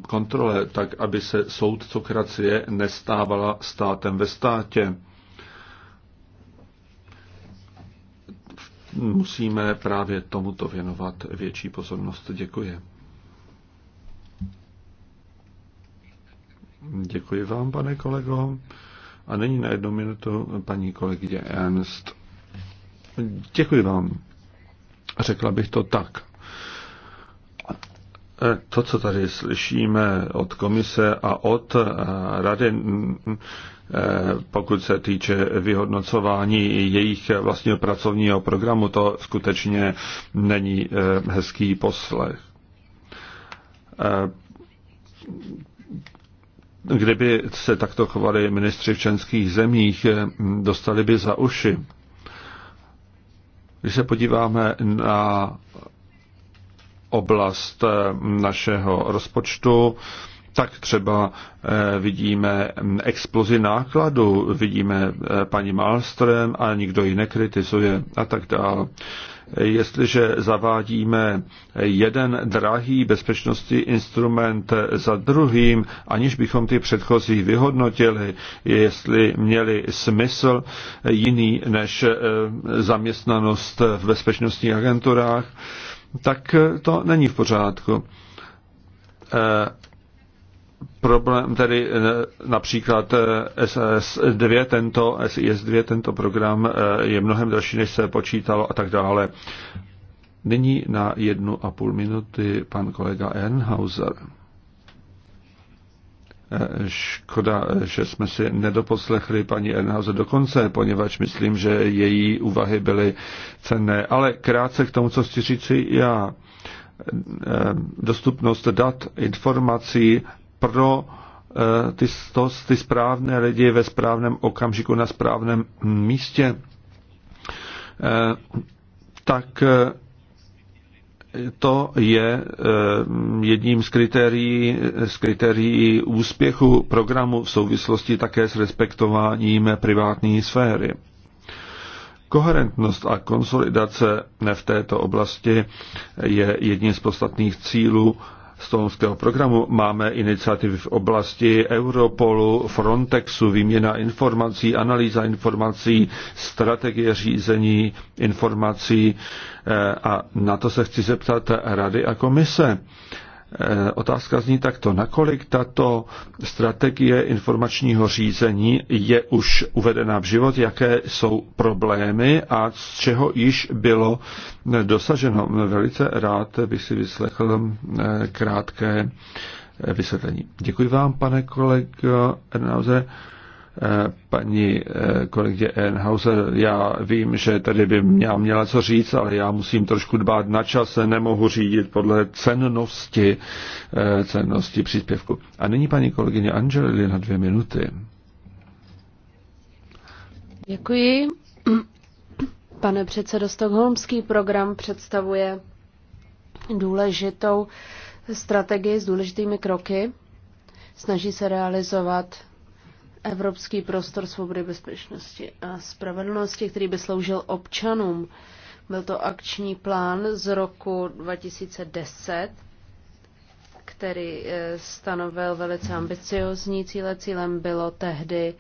kontrole, tak aby se soudcokracie nestávala státem ve státě. Musíme právě tomuto věnovat větší pozornost. Děkuji. Děkuji vám, pane kolego. A není na jednu minutu paní kolegyně Ernst. Děkuji vám. Řekla bych to tak. To, co tady slyšíme od komise a od eh, rady, mm, eh, pokud se týče vyhodnocování jejich vlastního pracovního programu, to skutečně není eh, hezký poslech kdyby se takto chovali ministři v členských zemích, eh, dostali by za uši. Když se podíváme na oblast eh, našeho rozpočtu, tak třeba eh, vidíme explozi nákladu, vidíme paní Malström a nikdo ji nekritizuje a tak dále jestliže zavádíme jeden drahý bezpečnostní instrument za druhým, aniž bychom ty předchozí vyhodnotili, jestli měli smysl jiný než eh, zaměstnanost v bezpečnostních agenturách, tak to není v pořádku eh, problém, tedy eh, například eh, SS2, tento SIS2, tento program eh, je mnohem dražší, než se počítalo a tak dále. Nyní na jednu a půl minuty pan kolega Enhauser. Škoda, že jsme si nedoposlechli paní Enhauser do konce, poněvadž myslím, že její úvahy byly cenné. Ale krátce k tomu, co chci říci já. Dostupnost dat, informací pro eh, ty, to, ty správné lidi ve správném okamžiku na správném místě, eh, tak eh, to je jedním z kritérií, z kritérií úspěchu programu v souvislosti také s respektováním privátní sféry. Koherentnost a konsolidace v této oblasti je jedním z podstatných cílů stolonského programu máme iniciativy v oblasti Europolu, Frontexu, výměna informací, analýza informací, strategie řízení informací eh, a na to se chci zeptat Rady a Komise. Eh, otázka zní takto, nakolik tato strategie informačního řízení je už uvedena v život, jaké jsou problémy a z čeho již bylo dosaženo. Velice rád bych si vyslechl eh, krátké eh, vysvětlení. Děkuji vám, pane kolego Ernauze. Eh, paní eh, kolegě Enhauser, já vím, že tady by měla, měla co říct, ale já musím trošku dbát na čas, nemohu řídit podle cennosti, eh, cennosti příspěvku. A nyní paní kolegyně Angelili na dvě minuty. Děkuji. Pane předsedo, Stockholmský program představuje důležitou strategii s důležitými kroky. Snaží se realizovat evropský prostor svobody, bezpečnosti a spravedlnosti, který by sloužil občanům. Byl to akční plán z roku 2010, který eh, stanovil velice ambiciozní cíle. Cílem bylo tehdy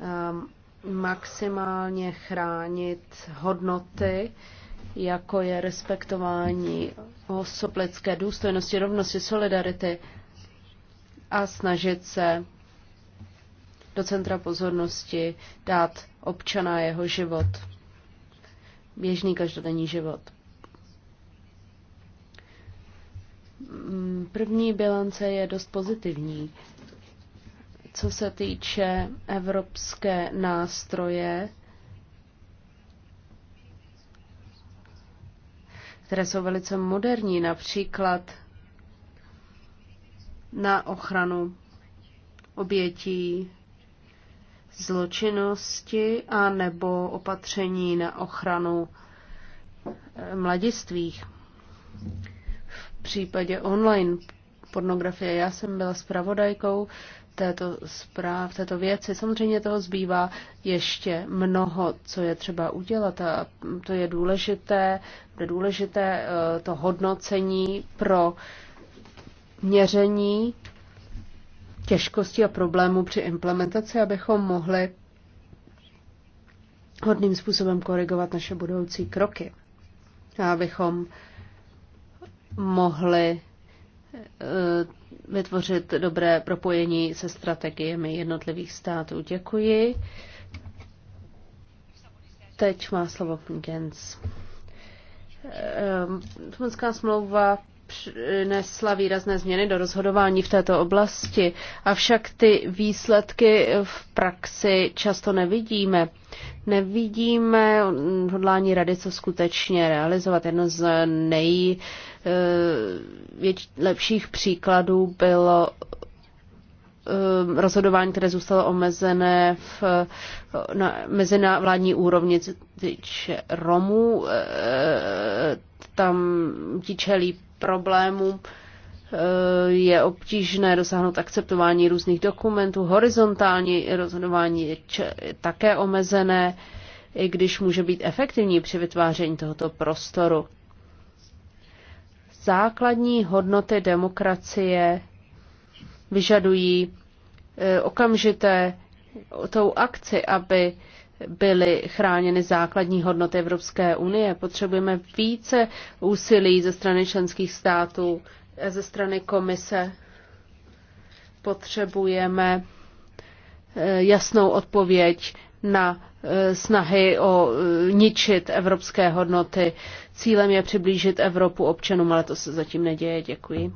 ehm, maximálně chránit hodnoty, jako je respektování osob lidské důstojnosti, rovnosti, solidarity a snažit se do centra pozornosti, dát občana jeho život, běžný každodenní život. Mm, první bilance je dost pozitivní. Co se týče evropské nástroje, které jsou velice moderní, například na ochranu obětí zločinnosti a nebo opatření na ochranu eh, mladistvých. V případě online pornografie já jsem byla zpravodajkou této zpráv, této věci. Samozřejmě toho zbývá ještě mnoho, co je třeba udělat a to je důležité, to je důležité eh, to hodnocení pro měření těžkostí a problémů při implementaci, abychom mohli hodným způsobem korigovat naše budoucí kroky. A abychom mohli e, vytvořit dobré propojení se strategiemi jednotlivých států. Děkuji. Teď má slovo Gens. Tumenská e, smlouva přinesla výrazné změny do rozhodování v této oblasti, avšak ty výsledky v praxi často nevidíme. Nevidíme hodlání rady, co skutečně realizovat. Jedno z nejlepších eh, příkladů bylo eh, rozhodování, které zůstalo omezené v, na, mezi na vládní úrovni týče Romů, eh, tam ti čelí problémům eh, je obtížné dosáhnout akceptování různých dokumentů, horizontální rozhodování je také omezené, i když může být efektivní při vytváření tohoto prostoru. Základní hodnoty demokracie vyžadují eh, okamžité tou akci, aby byly chráněny základní hodnoty Evropské unie. Potřebujeme více úsilí ze strany členských států, eh, ze strany komise. Potřebujeme eh, jasnou odpověď na eh, snahy o ničit evropské hodnoty. Cílem je přiblížit Evropu občanům, ale to se zatím neděje. Děkuji.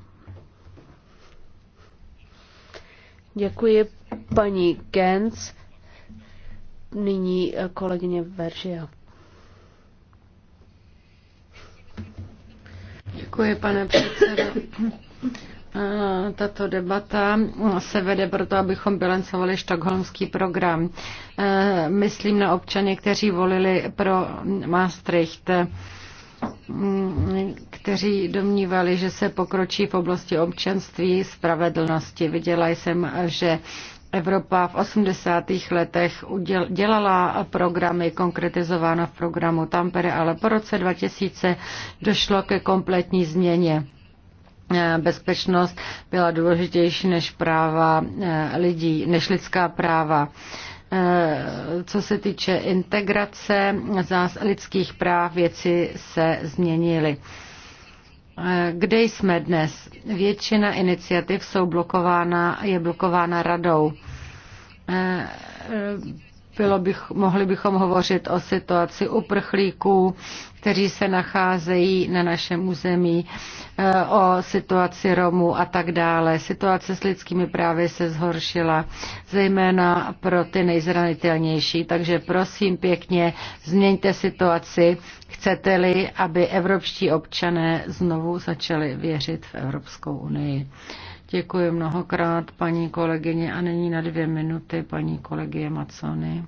Děkuji paní Gens nyní eh, kolegyně Veržia. Děkuji, pane předsedo. Tato debata se vede proto, abychom bilancovali štokholmský program. Eh, myslím na občany, kteří volili pro Maastricht mm, kteří domnívali, že se pokročí v oblasti občanství spravedlnosti. Viděla jsem, že Evropa v 80. letech dělala programy, konkretizováno v programu Tampere, ale po roce 2000 došlo ke kompletní změně. Eh, bezpečnost byla důležitější než práva eh, lidí, než lidská práva eh, co se týče integrace zás lidských práv, věci se změnily. Kde jsme dnes? Většina iniciativ jsou blokována, je blokována radou eh, bylo bych, mohli bychom hovořit o situaci uprchlíků, kteří se nacházejí na našem území, eh, o situaci Romů a tak dále. Situace s lidskými právy se zhoršila, zejména pro ty nejzranitelnější. Takže prosím pěkně, změňte situaci. Chcete-li, aby evropští občané znovu začali věřit v Evropskou unii? Děkuji mnohokrát paní kolegyně a nyní na dvě minuty paní kolegyně Macony.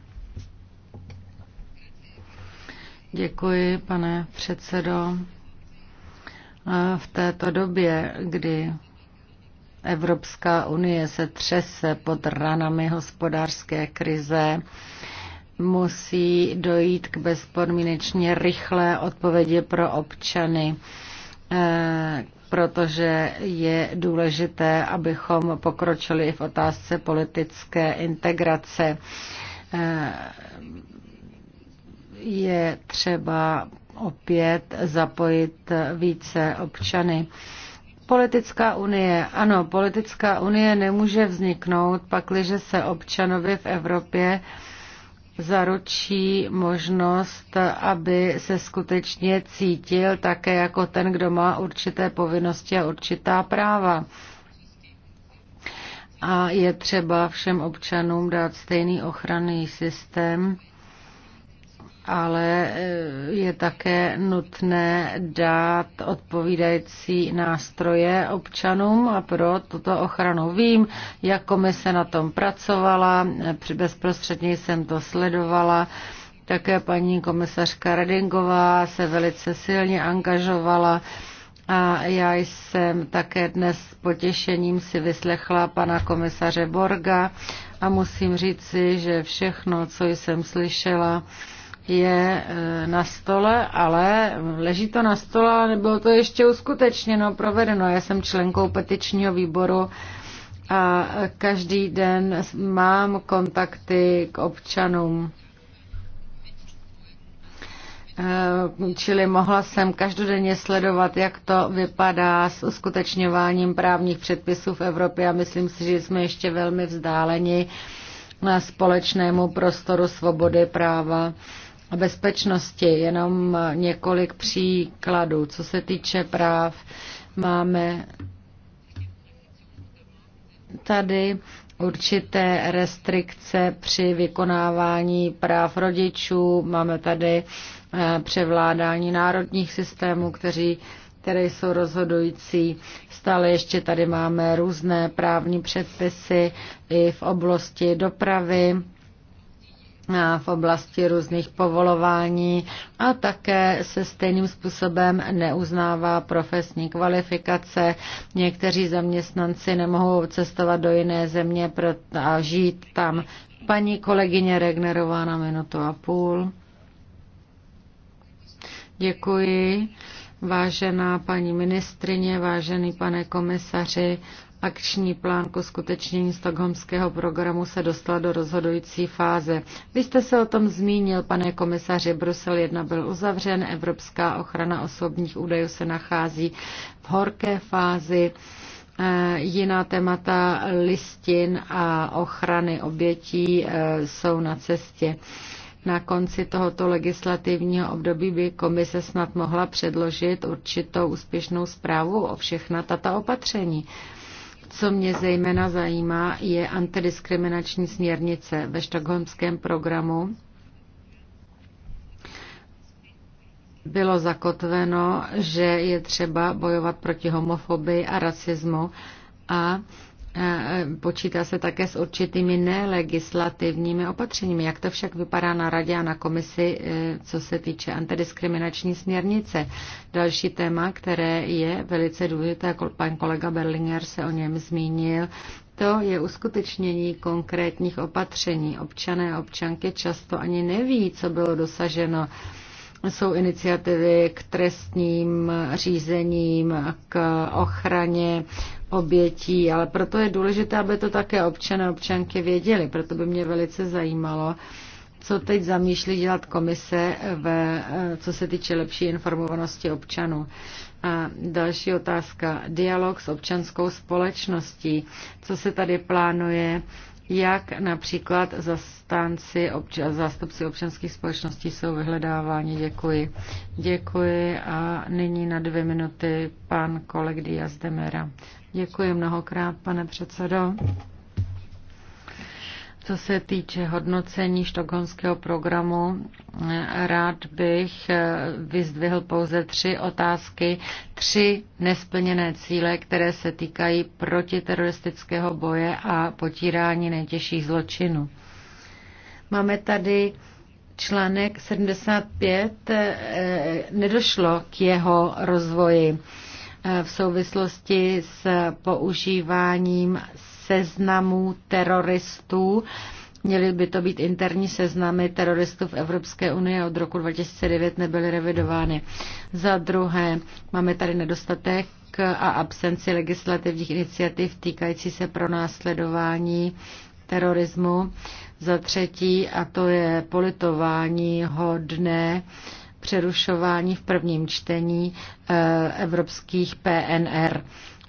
Děkuji, pane předsedo. V této době, kdy Evropská unie se třese pod ranami hospodářské krize, musí dojít k bezpodmínečně rychlé odpovědi pro občany, eh, protože je důležité, abychom pokročili v otázce politické integrace. Eh, je třeba opět zapojit více občany. Politická unie. Ano, politická unie nemůže vzniknout, pakliže se občanovi v Evropě eh, zaručí možnost, aby se skutečně cítil také jako ten, kdo má určité povinnosti a určitá práva. A je třeba všem občanům dát stejný ochranný systém, ale eh, je také nutné dát odpovídající nástroje občanům a pro tuto ochranu vím, jak komise na tom pracovala, bezprostředně jsem to sledovala, také paní komisařka Redingová se velice silně angažovala a já jsem také dnes s potěšením si vyslechla pana komisaře Borga a musím říci, že všechno, co jsem slyšela, je e, na stole, ale leží to na stole, ale nebylo to ještě uskutečněno, provedeno. Já jsem členkou petičního výboru a každý den mám kontakty k občanům. E, čili mohla jsem každodenně sledovat, jak to vypadá s uskutečňováním právních předpisů v Evropě a myslím si, že jsme ještě velmi vzdáleni na společnému prostoru svobody práva bezpečnosti. Jenom několik příkladů. Co se týče práv, máme tady určité restrikce při vykonávání práv rodičů. Máme tady eh, převládání národních systémů, kteří které jsou rozhodující. Stále ještě tady máme různé právní předpisy i v oblasti dopravy v oblasti různých povolování a také se stejným způsobem neuznává profesní kvalifikace. Někteří zaměstnanci nemohou cestovat do jiné země a žít tam. Paní kolegyně Regnerová na minutu a půl. Děkuji. Vážená paní ministrině, vážený pane komisaři, akční plán k uskutečnění stokholmského programu se dostal do rozhodující fáze. Vy jste se o tom zmínil, pane komisaři, Brusel 1 byl uzavřen, evropská ochrana osobních údajů se nachází v horké fázi eh, jiná témata listin a ochrany obětí eh, jsou na cestě. Na konci tohoto legislativního období by komise snad mohla předložit určitou úspěšnou zprávu o všechna tato opatření. Co mě zejména zajímá, je antidiskriminační směrnice ve štokholmském programu. Bylo zakotveno, že je třeba bojovat proti homofobii a rasismu a Počítá se také s určitými nelegislativními opatřeními. Jak to však vypadá na radě a na komisi, e, co se týče antidiskriminační směrnice? Další téma, které je velice důležité, pan kolega Berlinger se o něm zmínil, to je uskutečnění konkrétních opatření. Občané a občanky často ani neví, co bylo dosaženo jsou iniciativy k trestním řízením, k ochraně obětí, ale proto je důležité, aby to také občané a občanky věděli. Proto by mě velice zajímalo, co teď zamýšlí dělat komise, ve, eh, co se týče lepší informovanosti občanů. A další otázka. Dialog s občanskou společností. Co se tady plánuje? Jak například zastánci, obča, zástupci občanských společností jsou vyhledáváni? Děkuji. Děkuji a nyní na dvě minuty pan koleg Diaz Demera. Děkuji mnohokrát, pane předsedo. Co se týče hodnocení štokholmského programu, rád bych vyzdvihl pouze tři otázky, tři nesplněné cíle, které se týkají protiteroristického boje a potírání nejtěžších zločinů. Máme tady článek 75, eh, nedošlo k jeho rozvoji Eh, v souvislosti s používáním seznamů teroristů. Měly by to být interní seznamy teroristů v Evropské unii a od roku 2009 nebyly revidovány. Za druhé, máme tady nedostatek a absenci legislativních iniciativ týkající se pronásledování terorismu. Za třetí, a to je politování hodné, přerušování v prvním čtení eh, evropských PNR.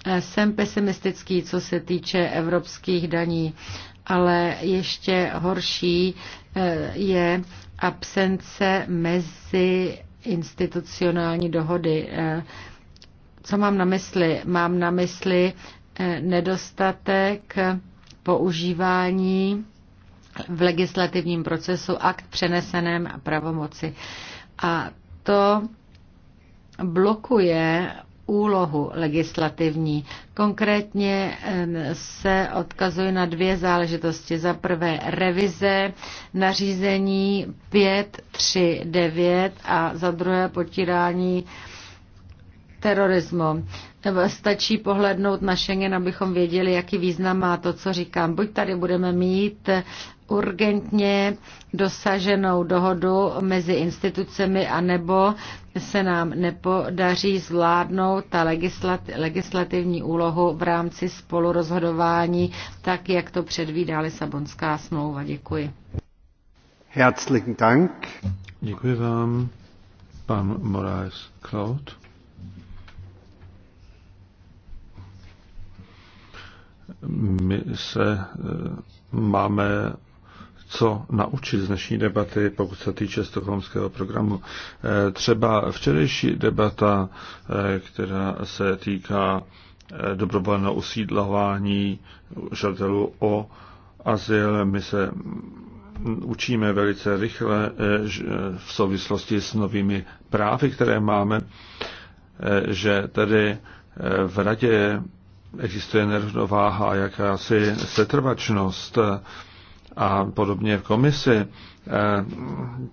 Eh, jsem pesimistický, co se týče evropských daní, ale ještě horší eh, je absence mezi institucionální dohody. Co mám na mysli? Mám na mysli nedostatek používání v legislativním procesu akt přeneseném pravomoci. A to blokuje úlohu legislativní. Konkrétně se odkazuje na dvě záležitosti. Za prvé revize nařízení 539 a za druhé potírání terorismu. Stačí pohlednout na Schengen, abychom věděli, jaký význam má to, co říkám. Buď tady budeme mít urgentně dosaženou dohodu mezi institucemi anebo se nám nepodaří zvládnout ta legislativní úlohu v rámci spolurozhodování, tak jak to předvídá Lisabonská smlouva. Děkuji. Herzlichen Dank. Děkuji vám, pan Moraes Klaut. My se eh, máme co naučit z dnešní debaty, pokud se týče stokholmského programu. Eh, třeba včerejší debata, eh, která se týká eh, dobrovolného usídlování žadatelů o azyl, my se mm, učíme velice rychle v souvislosti s novými právy, které máme, že tedy v radě existuje nerovnováha a jakási setrvačnost a podobně v komisi, eh,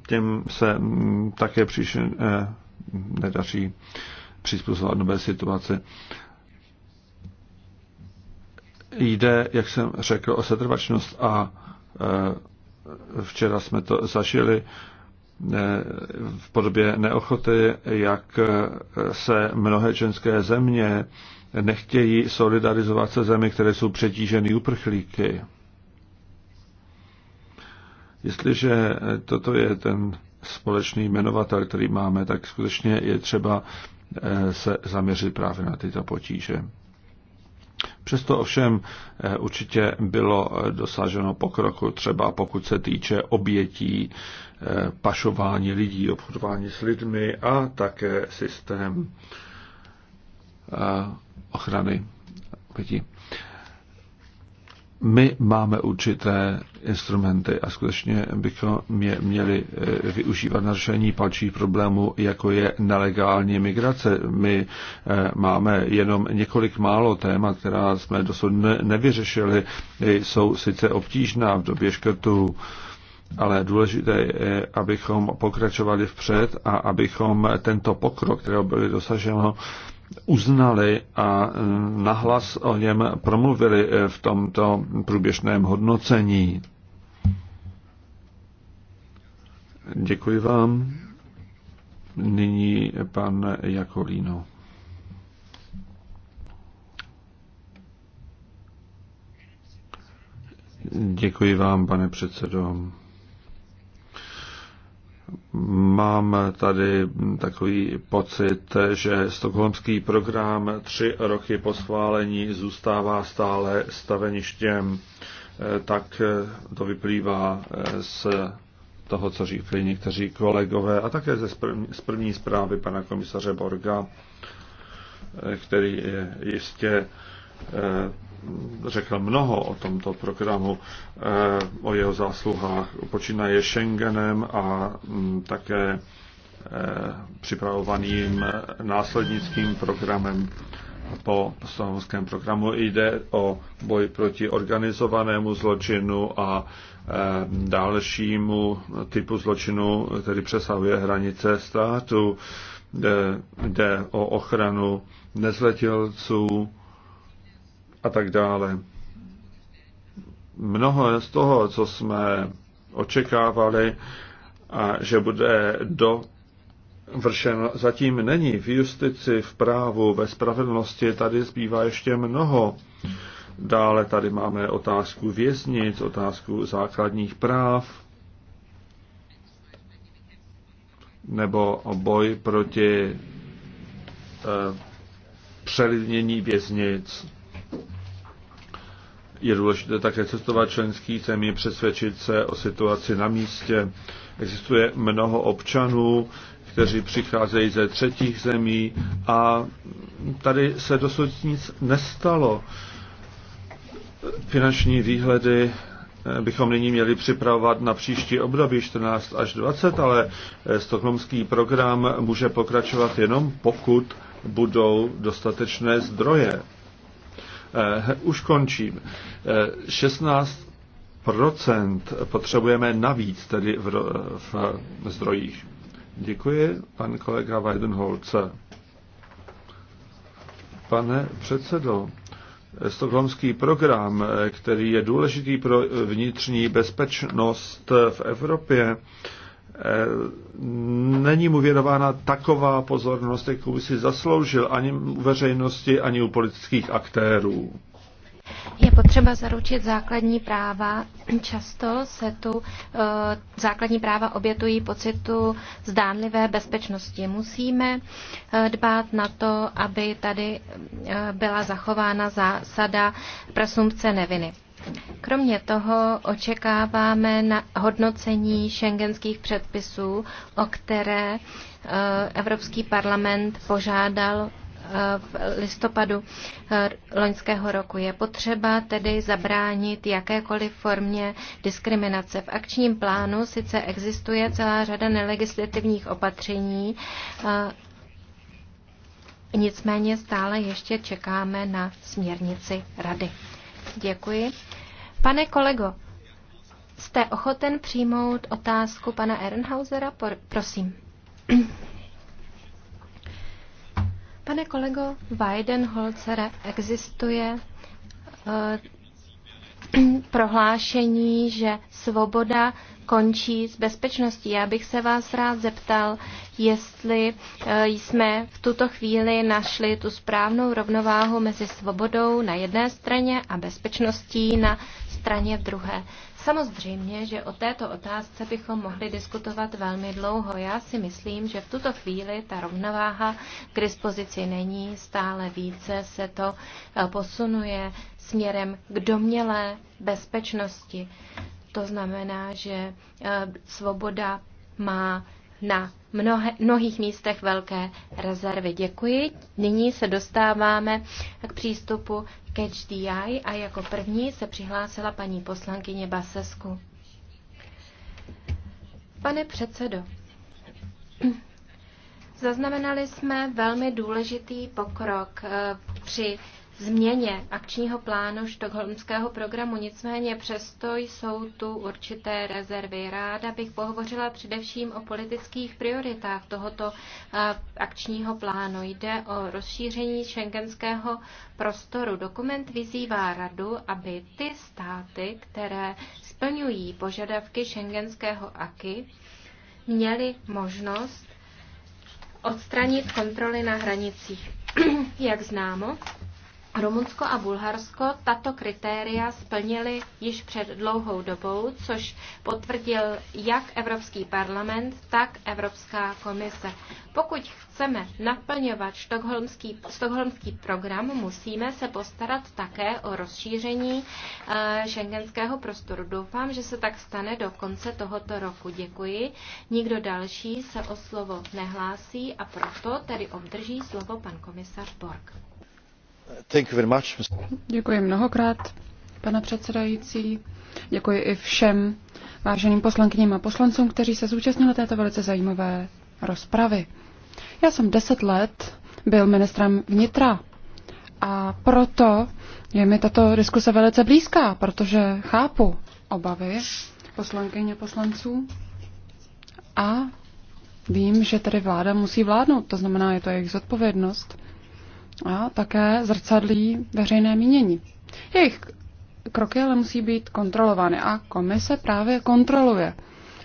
těm se mm, také příště eh, nedaří přizpůsobovat nové situaci. Jde, jak jsem řekl, o setrvačnost a eh, včera jsme to zažili v podobě neochoty, jak se mnohé členské země nechtějí solidarizovat se zemi, které jsou přetíženy uprchlíky. Jestliže toto je ten společný jmenovatel, který máme, tak skutečně je třeba eh, se zaměřit právě na tyto potíže. Přesto ovšem eh, určitě bylo eh, dosaženo pokroku, třeba pokud se týče obětí, pašování lidí, obchodování s lidmi a také systém ochrany obětí my máme určité instrumenty a skutečně bychom je měli eh, využívat na řešení palčích problémů, jako je nelegální migrace. My eh, máme jenom několik málo témat, která jsme dosud nevyřešili. Jsou sice obtížná v době škrtů, ale důležité je, abychom pokračovali vpřed a abychom tento pokrok, kterého byly dosaženo, uznali a eh, nahlas o něm promluvili eh, v tomto průběžném hodnocení. Děkuji vám. Nyní pan Jakolíno. Děkuji vám, pane předsedo. Mám tady takový pocit, že stokholmský program tři roky po schválení zůstává stále staveništěm. Tak to vyplývá z toho, co říkali někteří kolegové a také ze z první zprávy pana komisaře Borga, který je jistě eh, řekl mnoho o tomto programu, eh, o jeho zásluhách, počínaje Schengenem a mm, také eh, připravovaným eh, následnickým programem po slovenském programu. Jde o boj proti organizovanému zločinu a dalšímu typu zločinu, který přesahuje hranice státu. Jde o ochranu nezletilců, a tak dále. Mnoho z toho, co jsme očekávali, a že bude do vršen zatím není. V justici, v právu, ve spravedlnosti tady zbývá ještě mnoho. Dále tady máme otázku věznic, otázku základních práv, nebo boj proti eh, přelidnění věznic. Je důležité také cestovat členský zemí, přesvědčit se o situaci na místě. Existuje mnoho občanů, kteří přicházejí ze třetích zemí a tady se dosud nic nestalo. Finanční výhledy eh, bychom nyní měli připravovat na příští období 14 až 20, ale eh, stokholmský program může pokračovat jenom pokud budou dostatečné zdroje. Eh, už končím. 16 eh, potřebujeme navíc tedy v, v zdrojích. Děkuji, pan kolega Weidenholce. Pane předsedo, stokholmský program, eh, který je důležitý pro vnitřní bezpečnost v Evropě, Eh, není mu věnována taková pozornost, jakou by si zasloužil ani u veřejnosti, ani u politických aktérů. Je potřeba zaručit základní práva. Často se tu e, základní práva obětují pocitu zdánlivé bezpečnosti. Musíme e, dbát na to, aby tady e, byla zachována zásada presumpce neviny. Kromě toho očekáváme na hodnocení šengenských předpisů, o které eh, Evropský parlament požádal eh, v listopadu eh, loňského roku. Je potřeba tedy zabránit jakékoliv formě diskriminace. V akčním plánu sice existuje celá řada nelegislativních opatření, nicméně stále ještě čekáme na směrnici Rady. Děkuji. Pane kolego, jste ochoten přijmout otázku pana Ehrenhausera? Prosím. Pane kolego Weidenholzere, existuje uh, (clears throat) prohlášení, že svoboda končí s bezpečností. Já bych se vás rád zeptal, jestli eh, jsme v tuto chvíli našli tu správnou rovnováhu mezi svobodou na jedné straně a bezpečností na straně v druhé. Samozřejmě, že o této otázce bychom mohli diskutovat velmi dlouho. Já si myslím, že v tuto chvíli ta rovnováha k dispozici není, stále více se to eh, posunuje směrem k domělé bezpečnosti. To znamená, že eh, svoboda má na mnohé, mnohých místech velké rezervy. Děkuji. Nyní se dostáváme k přístupu Catch the Eye a jako první se přihlásila paní poslankyně Basesku. Pane předsedo, zaznamenali jsme velmi důležitý pokrok eh, při změně akčního plánu štokholmského programu, nicméně přesto jsou tu určité rezervy. Ráda bych pohovořila především o politických prioritách tohoto eh, akčního plánu. Jde o rozšíření šengenského prostoru. Dokument vyzývá radu, aby ty státy, které splňují požadavky šengenského AKY, měly možnost odstranit kontroly na hranicích. (clears throat) Jak známo, Rumunsko a Bulharsko tato kritéria splnili již před dlouhou dobou, což potvrdil jak Evropský parlament, tak Evropská komise. Pokud chceme naplňovat stokholmský, stokholmský program, musíme se postarat také o rozšíření šengenského eh, prostoru. Doufám, že se tak stane do konce tohoto roku. Děkuji. Nikdo další se o slovo nehlásí a proto tedy obdrží slovo pan komisař Borg. Děkuji mnohokrát, pane předsedající. Děkuji i všem váženým poslankyním a poslancům, kteří se zúčastnili této velice zajímavé rozpravy. Já jsem deset let byl ministrem vnitra a proto je mi tato diskuse velice blízká, protože chápu obavy poslankyně poslanců a vím, že tady vláda musí vládnout, to znamená, je to jejich zodpovědnost a také zrcadlí veřejné mínění. Jejich kroky ale musí být kontrolovány a komise právě kontroluje.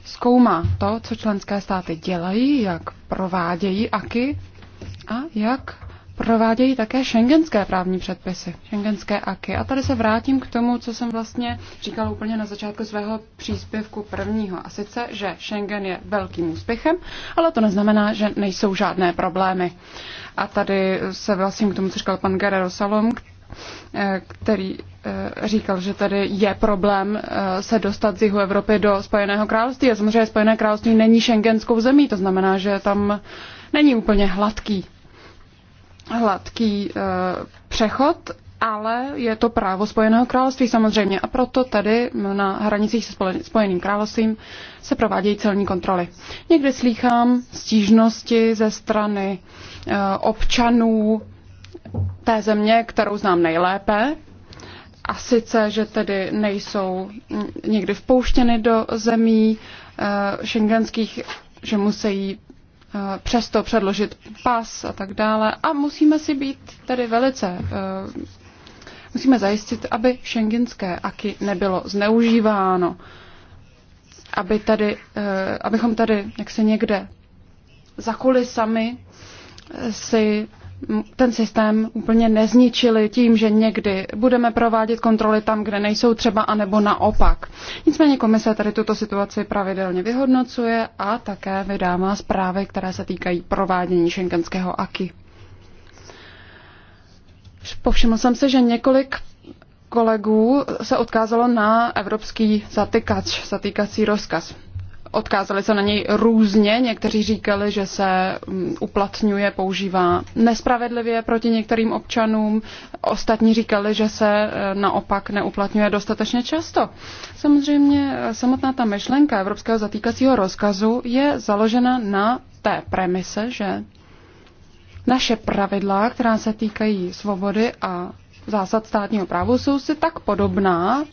Zkoumá to, co členské státy dělají, jak provádějí AKY a jak provádějí také šengenské právní předpisy, šengenské aky. A tady se vrátím k tomu, co jsem vlastně říkala úplně na začátku svého příspěvku prvního. A sice, že Schengen je velkým úspěchem, ale to neznamená, že nejsou žádné problémy. A tady se vlastně k tomu, co říkal pan Guerrero Salom, eh, který eh, říkal, že tady je problém eh, se dostat z jihu Evropy do Spojeného království. A samozřejmě Spojené království není šengenskou zemí, to znamená, že tam není úplně hladký hladký e, přechod, ale je to právo Spojeného království samozřejmě a proto tady na hranicích se Spojeným královstvím se provádějí celní kontroly. Někdy slýchám stížnosti ze strany e, občanů té země, kterou znám nejlépe, a sice, že tedy nejsou mm, někdy vpouštěny do zemí e, eh, šengenských, že musí Eh, přesto předložit pas a tak dále. A musíme si být tedy velice, eh, musíme zajistit, aby šengenské aky nebylo zneužíváno, aby tady, eh, abychom tady jak se někde za kulisami si ten systém úplně nezničili tím, že někdy budeme provádět kontroly tam, kde nejsou třeba, anebo naopak. Nicméně komise tady tuto situaci pravidelně vyhodnocuje a také vydává zprávy, které se týkají provádění šengenského AKI. Povšiml jsem se, že několik kolegů se odkázalo na evropský zatykač, zatýkací rozkaz odkázali se na něj různě. Někteří říkali, že se mm, uplatňuje, používá nespravedlivě proti některým občanům. Ostatní říkali, že se e, naopak neuplatňuje dostatečně často. Samozřejmě e, samotná ta myšlenka evropského zatýkacího rozkazu je založena na té premise, že naše pravidla, která se týkají svobody a zásad státního právu, jsou si tak podobná,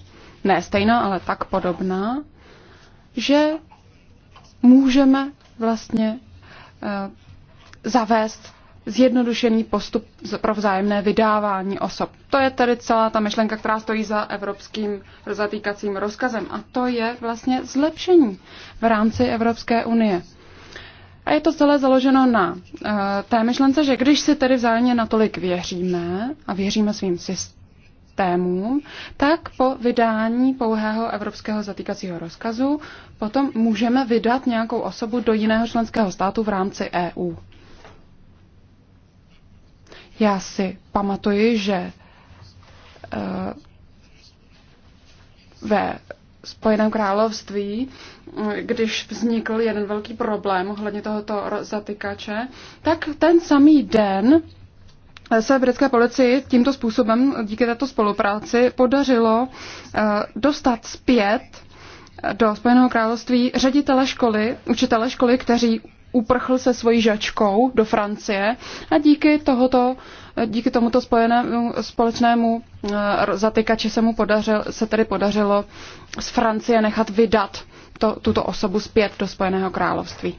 ne stejná, ale tak podobná, že můžeme vlastně eh, zavést zjednodušený postup pro vzájemné vydávání osob. To je tedy celá ta myšlenka, která stojí za evropským zatýkacím rozkazem. A to je vlastně zlepšení v rámci Evropské unie. A je to celé založeno na uh, té myšlence, že když si tedy vzájemně natolik věříme a věříme svým systémům, systémům, tak po vydání pouhého evropského zatýkacího rozkazu potom můžeme vydat nějakou osobu do jiného členského státu v rámci EU. Já si pamatuji, že eh, ve Spojeném království, eh, když vznikl jeden velký problém ohledně tohoto zatykače, tak ten samý den se britské policii tímto způsobem, díky této spolupráci, podařilo eh, dostat zpět do Spojeného království ředitele školy, učitele školy, kteří uprchl se svojí žačkou do Francie a díky, tohoto, eh, díky tomuto spojenému, společnému eh, zatykači se mu podařil, se tedy podařilo z Francie nechat vydat to, tuto osobu zpět do Spojeného království.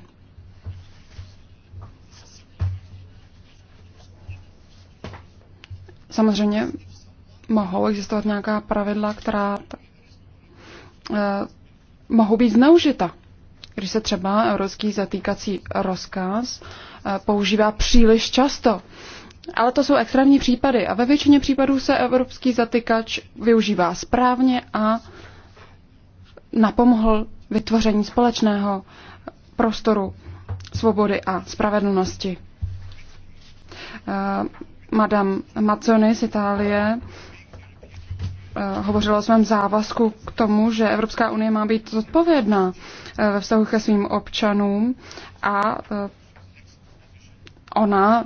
Samozřejmě mohou existovat nějaká pravidla, která eh, mohou být zneužita. Když se třeba evropský zatýkací rozkaz eh, používá příliš často. Ale to jsou extrémní případy a ve většině případů se evropský zatykač využívá správně a napomohl vytvoření společného prostoru svobody a spravedlnosti. Eh, Madame Mazzoni z Itálie eh, hovořila o svém závazku k tomu, že Evropská unie má být zodpovědná eh, ve vztahu ke svým občanům a eh, ona,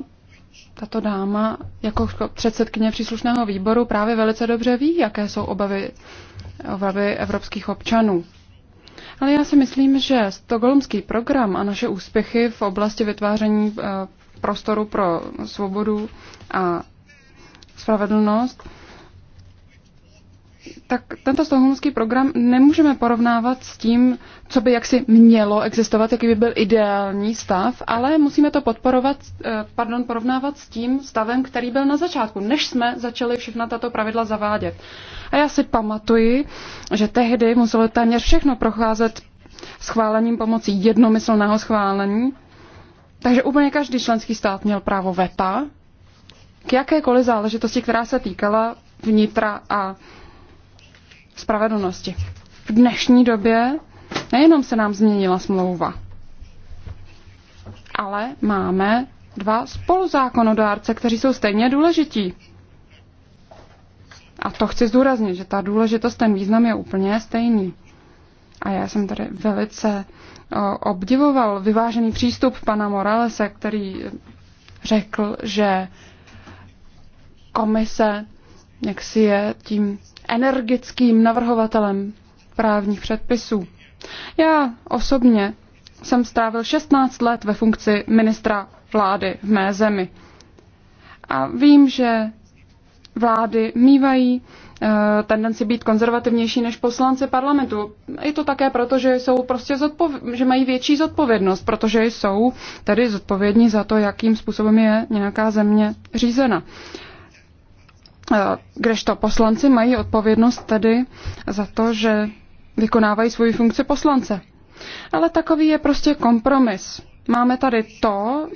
tato dáma, jako předsedkyně příslušného výboru právě velice dobře ví, jaké jsou obavy, obavy evropských občanů. Ale já si myslím, že stokholmský program a naše úspěchy v oblasti vytváření prostoru pro svobodu a spravedlnost, tak tento stockholmský program nemůžeme porovnávat s tím, co by jaksi mělo existovat, jaký by byl ideální stav, ale musíme to podporovat, eh, pardon, porovnávat s tím stavem, který byl na začátku, než jsme začali všechna tato pravidla zavádět. A já si pamatuji, že tehdy muselo téměř všechno procházet schválením pomocí jednomyslného schválení takže úplně každý členský stát měl právo veta k jakékoliv záležitosti, která se týkala vnitra a spravedlnosti. V dnešní době nejenom se nám změnila smlouva, ale máme dva spoluzákonodárce, kteří jsou stejně důležití. A to chci zdůraznit, že ta důležitost, ten význam je úplně stejný. A já jsem tady velice obdivoval vyvážený přístup pana Moralese, který řekl, že komise jak si je tím energickým navrhovatelem právních předpisů. Já osobně jsem strávil 16 let ve funkci ministra vlády v mé zemi. A vím, že vlády mývají Eh, tendenci být konzervativnější než poslanci parlamentu. Je to také proto, že, jsou prostě zodpov- že mají větší zodpovědnost, protože jsou tedy zodpovědní za to, jakým způsobem je nějaká země řízena. Eh, kdežto poslanci mají odpovědnost tedy za to, že vykonávají svoji funkci poslance. Ale takový je prostě kompromis Máme tady to,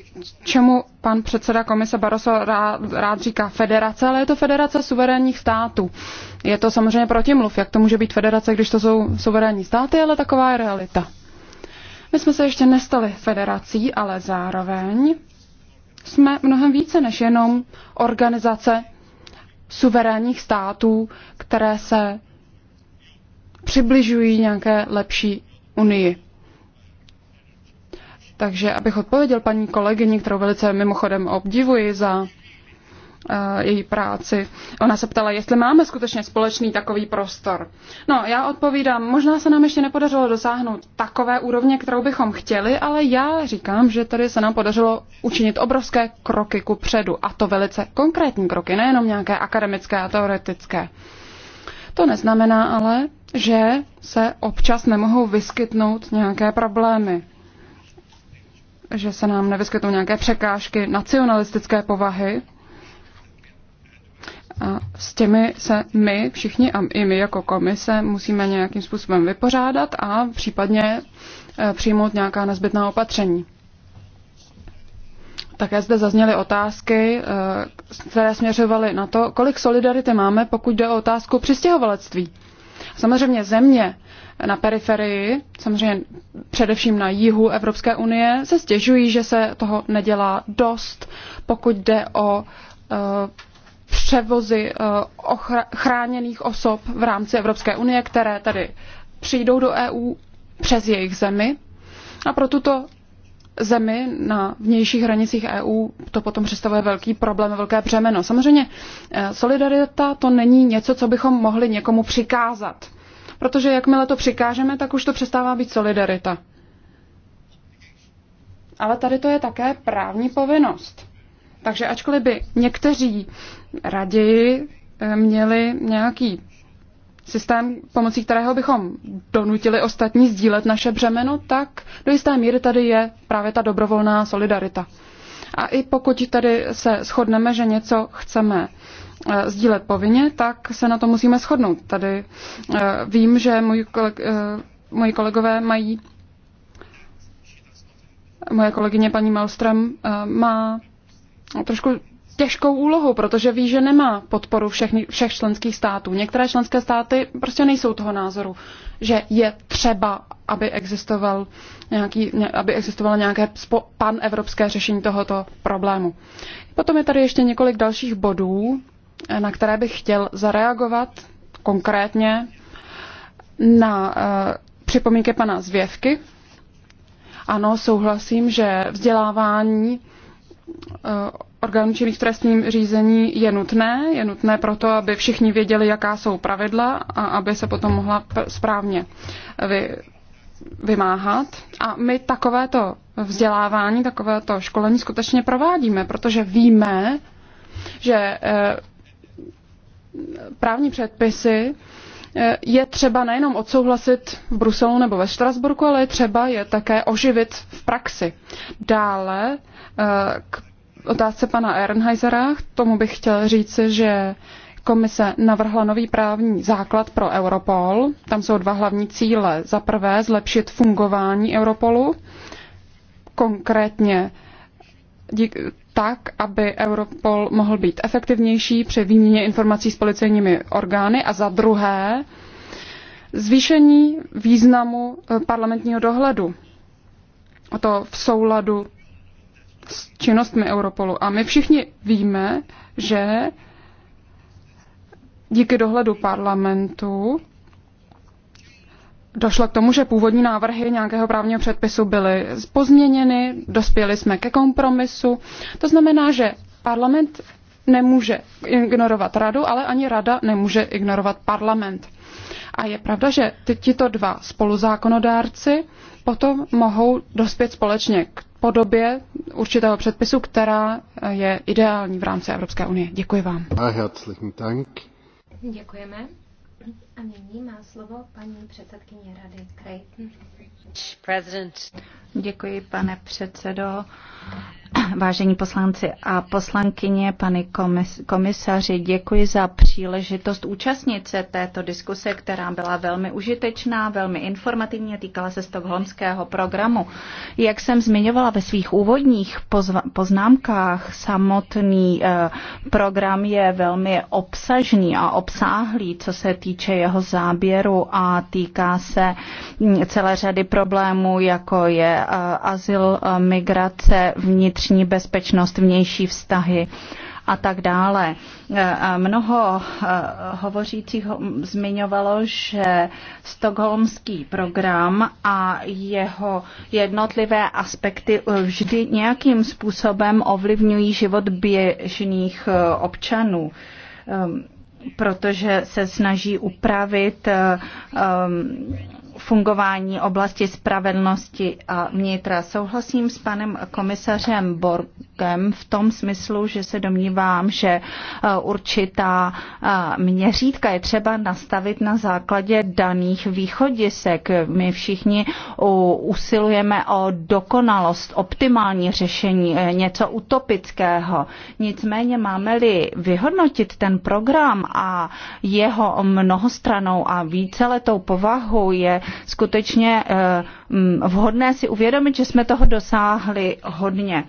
čemu pan předseda komise Barroso rád, rád říká federace, ale je to federace suverénních států. Je to samozřejmě protimluv, jak to může být federace, když to jsou suverénní státy, ale taková je realita. My jsme se ještě nestali federací, ale zároveň jsme mnohem více než jenom organizace suverénních států, které se přibližují nějaké lepší unii. Takže abych odpověděl paní kolegyni, kterou velice mimochodem obdivuji za eh, její práci. Ona se ptala, jestli máme skutečně společný takový prostor. No, já odpovídám, možná se nám ještě nepodařilo dosáhnout takové úrovně, kterou bychom chtěli, ale já říkám, že tady se nám podařilo učinit obrovské kroky ku předu. A to velice konkrétní kroky, nejenom nějaké akademické a teoretické. To neznamená ale, že se občas nemohou vyskytnout nějaké problémy že se nám nevyskytnou nějaké překážky nacionalistické povahy. A s těmi se my všichni a i my jako komise musíme nějakým způsobem vypořádat a případně e, přijmout nějaká nezbytná opatření. Také zde zazněly otázky, e, které směřovaly na to, kolik solidarity máme, pokud jde o otázku přistěhovalectví. Samozřejmě země na periferii, samozřejmě především na jihu Evropské unie, se stěžují, že se toho nedělá dost, pokud jde o eh, převozy eh, chráněných osob v rámci Evropské unie, které tady přijdou do EU přes jejich zemi. A pro tuto zemi na vnějších hranicích EU to potom představuje velký problém, velké břemeno. Samozřejmě eh, solidarita to není něco, co bychom mohli někomu přikázat. Protože jakmile to přikážeme, tak už to přestává být solidarita. Ale tady to je také právní povinnost. Takže ačkoliv by někteří raději eh, měli nějaký systém, pomocí kterého bychom donutili ostatní sdílet naše břemeno, tak do jisté míry tady je právě ta dobrovolná solidarita. A i pokud tady se shodneme, že něco chceme eh, sdílet povinně, tak se na to musíme shodnout. Tady eh, vím, že eh, moji kolegové mají, moje kolegyně paní Malström má trošku těžkou úlohu, protože ví, že nemá podporu všech, všech členských států. Některé členské státy prostě nejsou toho názoru, že je třeba, aby, existoval nějaký, aby existovalo nějaké panevropské řešení tohoto problému. Potom je tady ještě několik dalších bodů, na které bych chtěl zareagovat konkrétně na eh, připomínky pana Zvěvky. Ano, souhlasím, že vzdělávání eh, orgánů činných v trestním řízení je nutné. Je nutné proto, aby všichni věděli, jaká jsou pravidla a aby se potom mohla správně vy, vymáhat. A my takovéto vzdělávání, takovéto školení skutečně provádíme, protože víme, že eh, právní předpisy eh, je třeba nejenom odsouhlasit v Bruselu nebo ve Štrasburku, ale je třeba je také oživit v praxi. Dále eh, k otázce pana Ehrenheisera, k tomu bych chtěl říct, že komise navrhla nový právní základ pro Europol. Tam jsou dva hlavní cíle. Za prvé zlepšit fungování Europolu, konkrétně dík, tak, aby Europol mohl být efektivnější při výměně informací s policejními orgány a za druhé zvýšení významu eh, parlamentního dohledu. A to v souladu s činnostmi Europolu. A my všichni víme, že díky dohledu parlamentu došlo k tomu, že původní návrhy nějakého právního předpisu byly pozměněny, dospěli jsme ke kompromisu. To znamená, že parlament nemůže ignorovat radu, ale ani rada nemůže ignorovat parlament. A je pravda, že tyto dva spoluzákonodárci potom mohou dospět společně k podobě určitého předpisu, která je ideální v rámci Evropské unie. Děkuji vám. Děkujeme. A nyní má slovo paní předsedkyně Rady Creighton. Děkuji, pane předsedo. Vážení poslanci a poslankyně, pane komisaři, děkuji za příležitost účastnit se této diskuse, která byla velmi užitečná, velmi informativní a týkala se stokholmského programu. Jak jsem zmiňovala ve svých úvodních poznámkách, samotný eh, program je velmi obsažný a obsáhlý, co se týče jeho jeho záběru a týká se mm, celé řady problémů, jako je eh, azyl, eh, migrace, vnitřní bezpečnost, vnější vztahy a tak dále. Eh, mnoho hovořících zmiňovalo, že stokholmský program a jeho jednotlivé aspekty vždy nějakým způsobem ovlivňují život běžných občanů. Ehm, protože se snaží upravit um, fungování oblasti spravedlnosti a vnitra. Souhlasím s panem komisařem Borgem v tom smyslu, že se domnívám, že e, určitá e, měřítka je třeba nastavit na základě daných východisek. My všichni usilujeme o dokonalost, optimální řešení, e, něco utopického. Nicméně máme-li vyhodnotit ten program a jeho mnohostranou a víceletou povahu je skutečně eh, vhodné si uvědomit, že jsme toho dosáhli hodně.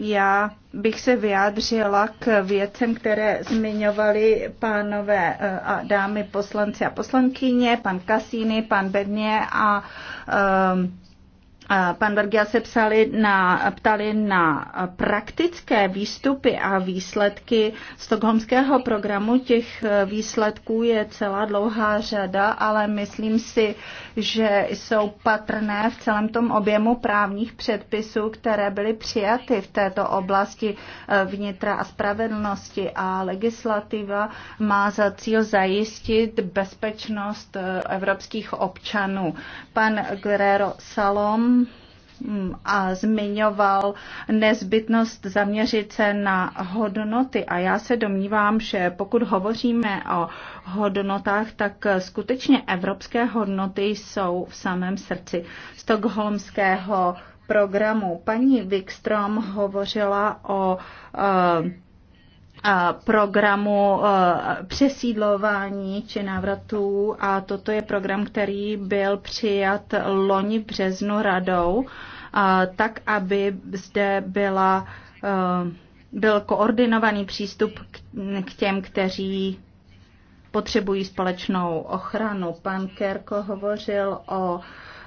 Já bych se vyjádřila k věcem, které zmiňovali pánové eh, a dámy poslanci a poslankyně, pan Kasíny, pan Bedně a ehm, a Pan Bergia se psali na, ptali na praktické výstupy a výsledky stokholmského programu. Těch eh, výsledků je celá dlouhá řada, ale myslím si, že jsou patrné v celém tom objemu právních předpisů, které byly přijaty v této oblasti eh, vnitra a spravedlnosti a legislativa má za cíl zajistit bezpečnost eh, evropských občanů. Pan Guerrero Salom Hmm, a zmiňoval nezbytnost zaměřit se na hodnoty. A já se domnívám, že pokud hovoříme o hodnotách, tak skutečně evropské hodnoty jsou v samém srdci stokholmského programu. Paní Wikström hovořila o uh, programu eh, přesídlování či návratů a toto je program, který byl přijat loni v březnu radou, eh, tak aby zde byla, eh, byl koordinovaný přístup k těm, kteří potřebují společnou ochranu. Pan Kerko hovořil o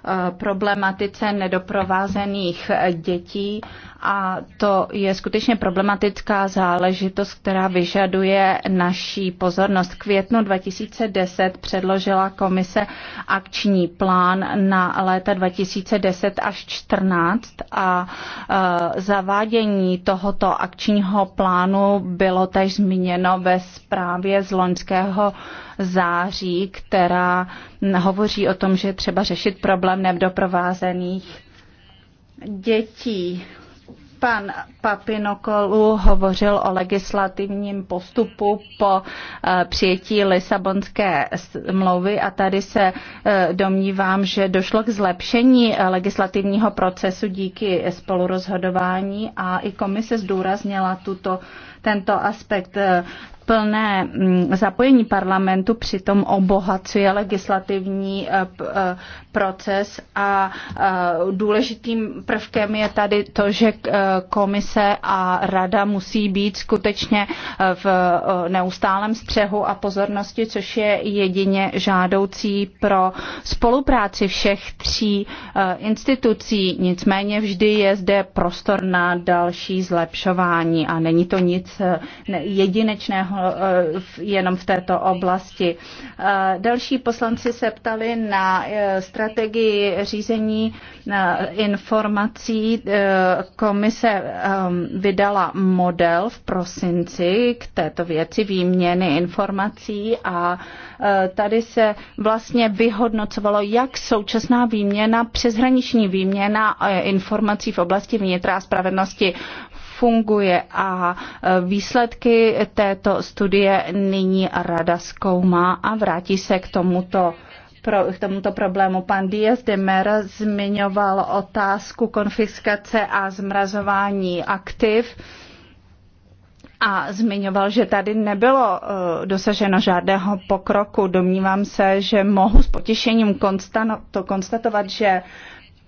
Eh, problematice nedoprovázených eh, dětí a to je skutečně problematická záležitost, která vyžaduje naší pozornost. Květnu 2010 předložila komise akční plán na léta 2010 až 14 a eh, zavádění tohoto akčního plánu bylo tež zmíněno ve zprávě z loňského září, která hovoří o tom, že třeba řešit problém nedoprovázených dětí. Pan Papinokolu hovořil o legislativním postupu po eh, přijetí Lisabonské smlouvy a tady se eh, domnívám, že došlo k zlepšení eh, legislativního procesu díky spolurozhodování a i komise zdůraznila tuto tento aspekt plné mm, zapojení parlamentu přitom obohacuje legislativní eh, eh, proces a eh, důležitým prvkem je tady to, že komise a rada musí být skutečně v neustálém střehu a pozornosti, což je jedině žádoucí pro spolupráci všech tří institucí. Nicméně vždy je zde prostor na další zlepšování a není to nic jedinečného Eh, jenom v této oblasti. Eh, další poslanci se ptali na eh, strategii řízení informací. Komise vydala model v prosinci k této věci výměny informací a tady se vlastně vyhodnocovalo, jak současná výměna, přeshraniční výměna informací v oblasti vnitra a spravedlnosti funguje a e, výsledky této studie nyní rada zkoumá a vrátí se k tomuto pro, k tomuto problému. Pan Díaz de Mer zmiňoval otázku konfiskace a zmrazování aktiv a zmiňoval, že tady nebylo e, dosaženo žádného pokroku. Domnívám se, že mohu s potěšením konstano, to konstatovat, že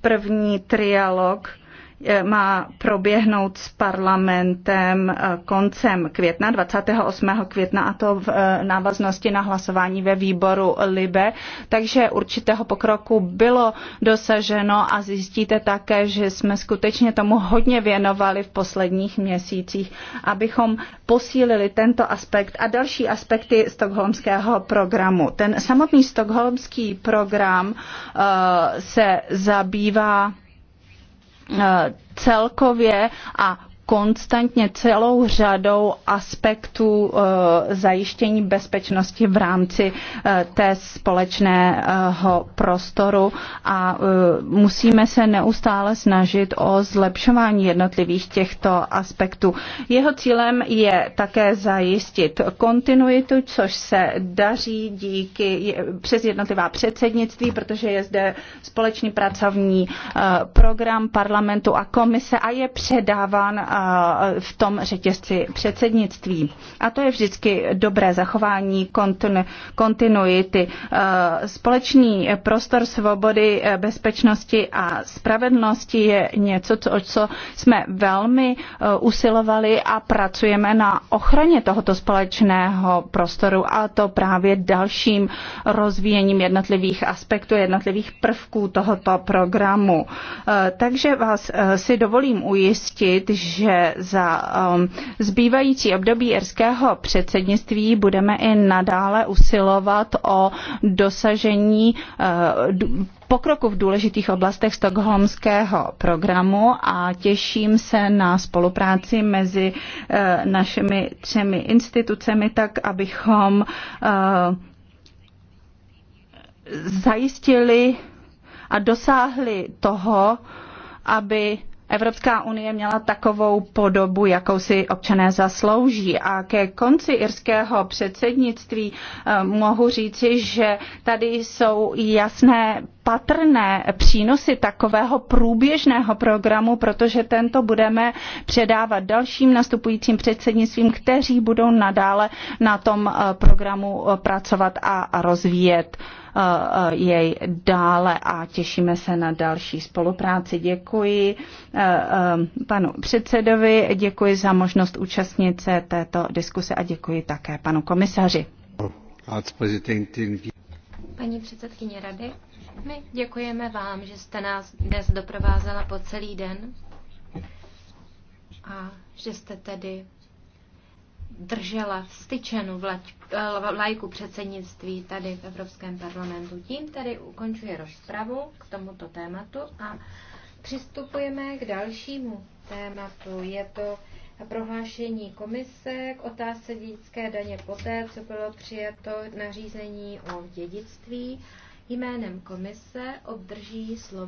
první trialog Eh, má proběhnout s parlamentem eh, koncem května, 28. května, a to v eh, návaznosti na hlasování ve výboru LIBE. Takže určitého pokroku bylo dosaženo a zjistíte také, že jsme skutečně tomu hodně věnovali v posledních měsících, abychom posílili tento aspekt a další aspekty stokholmského programu. Ten samotný stokholmský program se zabývá Eh, celkově a konstantně celou řadou aspektů eh, zajištění bezpečnosti v rámci eh, té společného prostoru a eh, musíme se neustále snažit o zlepšování jednotlivých těchto aspektů. Jeho cílem je také zajistit kontinuitu, což se daří díky přes jednotlivá předsednictví, protože je zde společný pracovní program parlamentu a komise a je předáván v tom řetězci předsednictví. A to je vždycky dobré zachování kontinuity. E, společný prostor svobody, e, bezpečnosti a spravedlnosti je něco, o co jsme velmi e, usilovali a pracujeme na ochraně tohoto společného prostoru a to právě dalším rozvíjením jednotlivých aspektů, jednotlivých prvků tohoto programu. Takže vás si dovolím ujistit, že že za um, zbývající období irského předsednictví budeme i nadále usilovat o dosažení uh, pokroku v důležitých oblastech stokholmského programu a těším se na spolupráci mezi uh, našimi třemi institucemi, tak abychom uh, zajistili a dosáhli toho, aby Evropská unie měla takovou podobu, jakou si občané zaslouží. A ke konci irského předsednictví eh, mohu říci, že tady jsou jasné patrné přínosy takového průběžného programu, protože tento budeme předávat dalším nastupujícím předsednictvím, kteří budou nadále na tom eh, programu eh, pracovat a rozvíjet. Eh, jej dále a těšíme se na další spolupráci. Děkuji eh, eh, panu předsedovi, děkuji za možnost účastnit se této diskuse a děkuji také panu komisaři. Paní předsedkyně rady, my děkujeme vám, že jste nás dnes doprovázela po celý den a že jste tedy držela v styčenu vlajku předsednictví tady v Evropském parlamentu. Tím tady ukončuje rozpravu k tomuto tématu a přistupujeme k dalšímu tématu. Je to prohlášení komise k otázce dědické daně poté, co bylo přijato nařízení o dědictví. Jménem komise obdrží slovo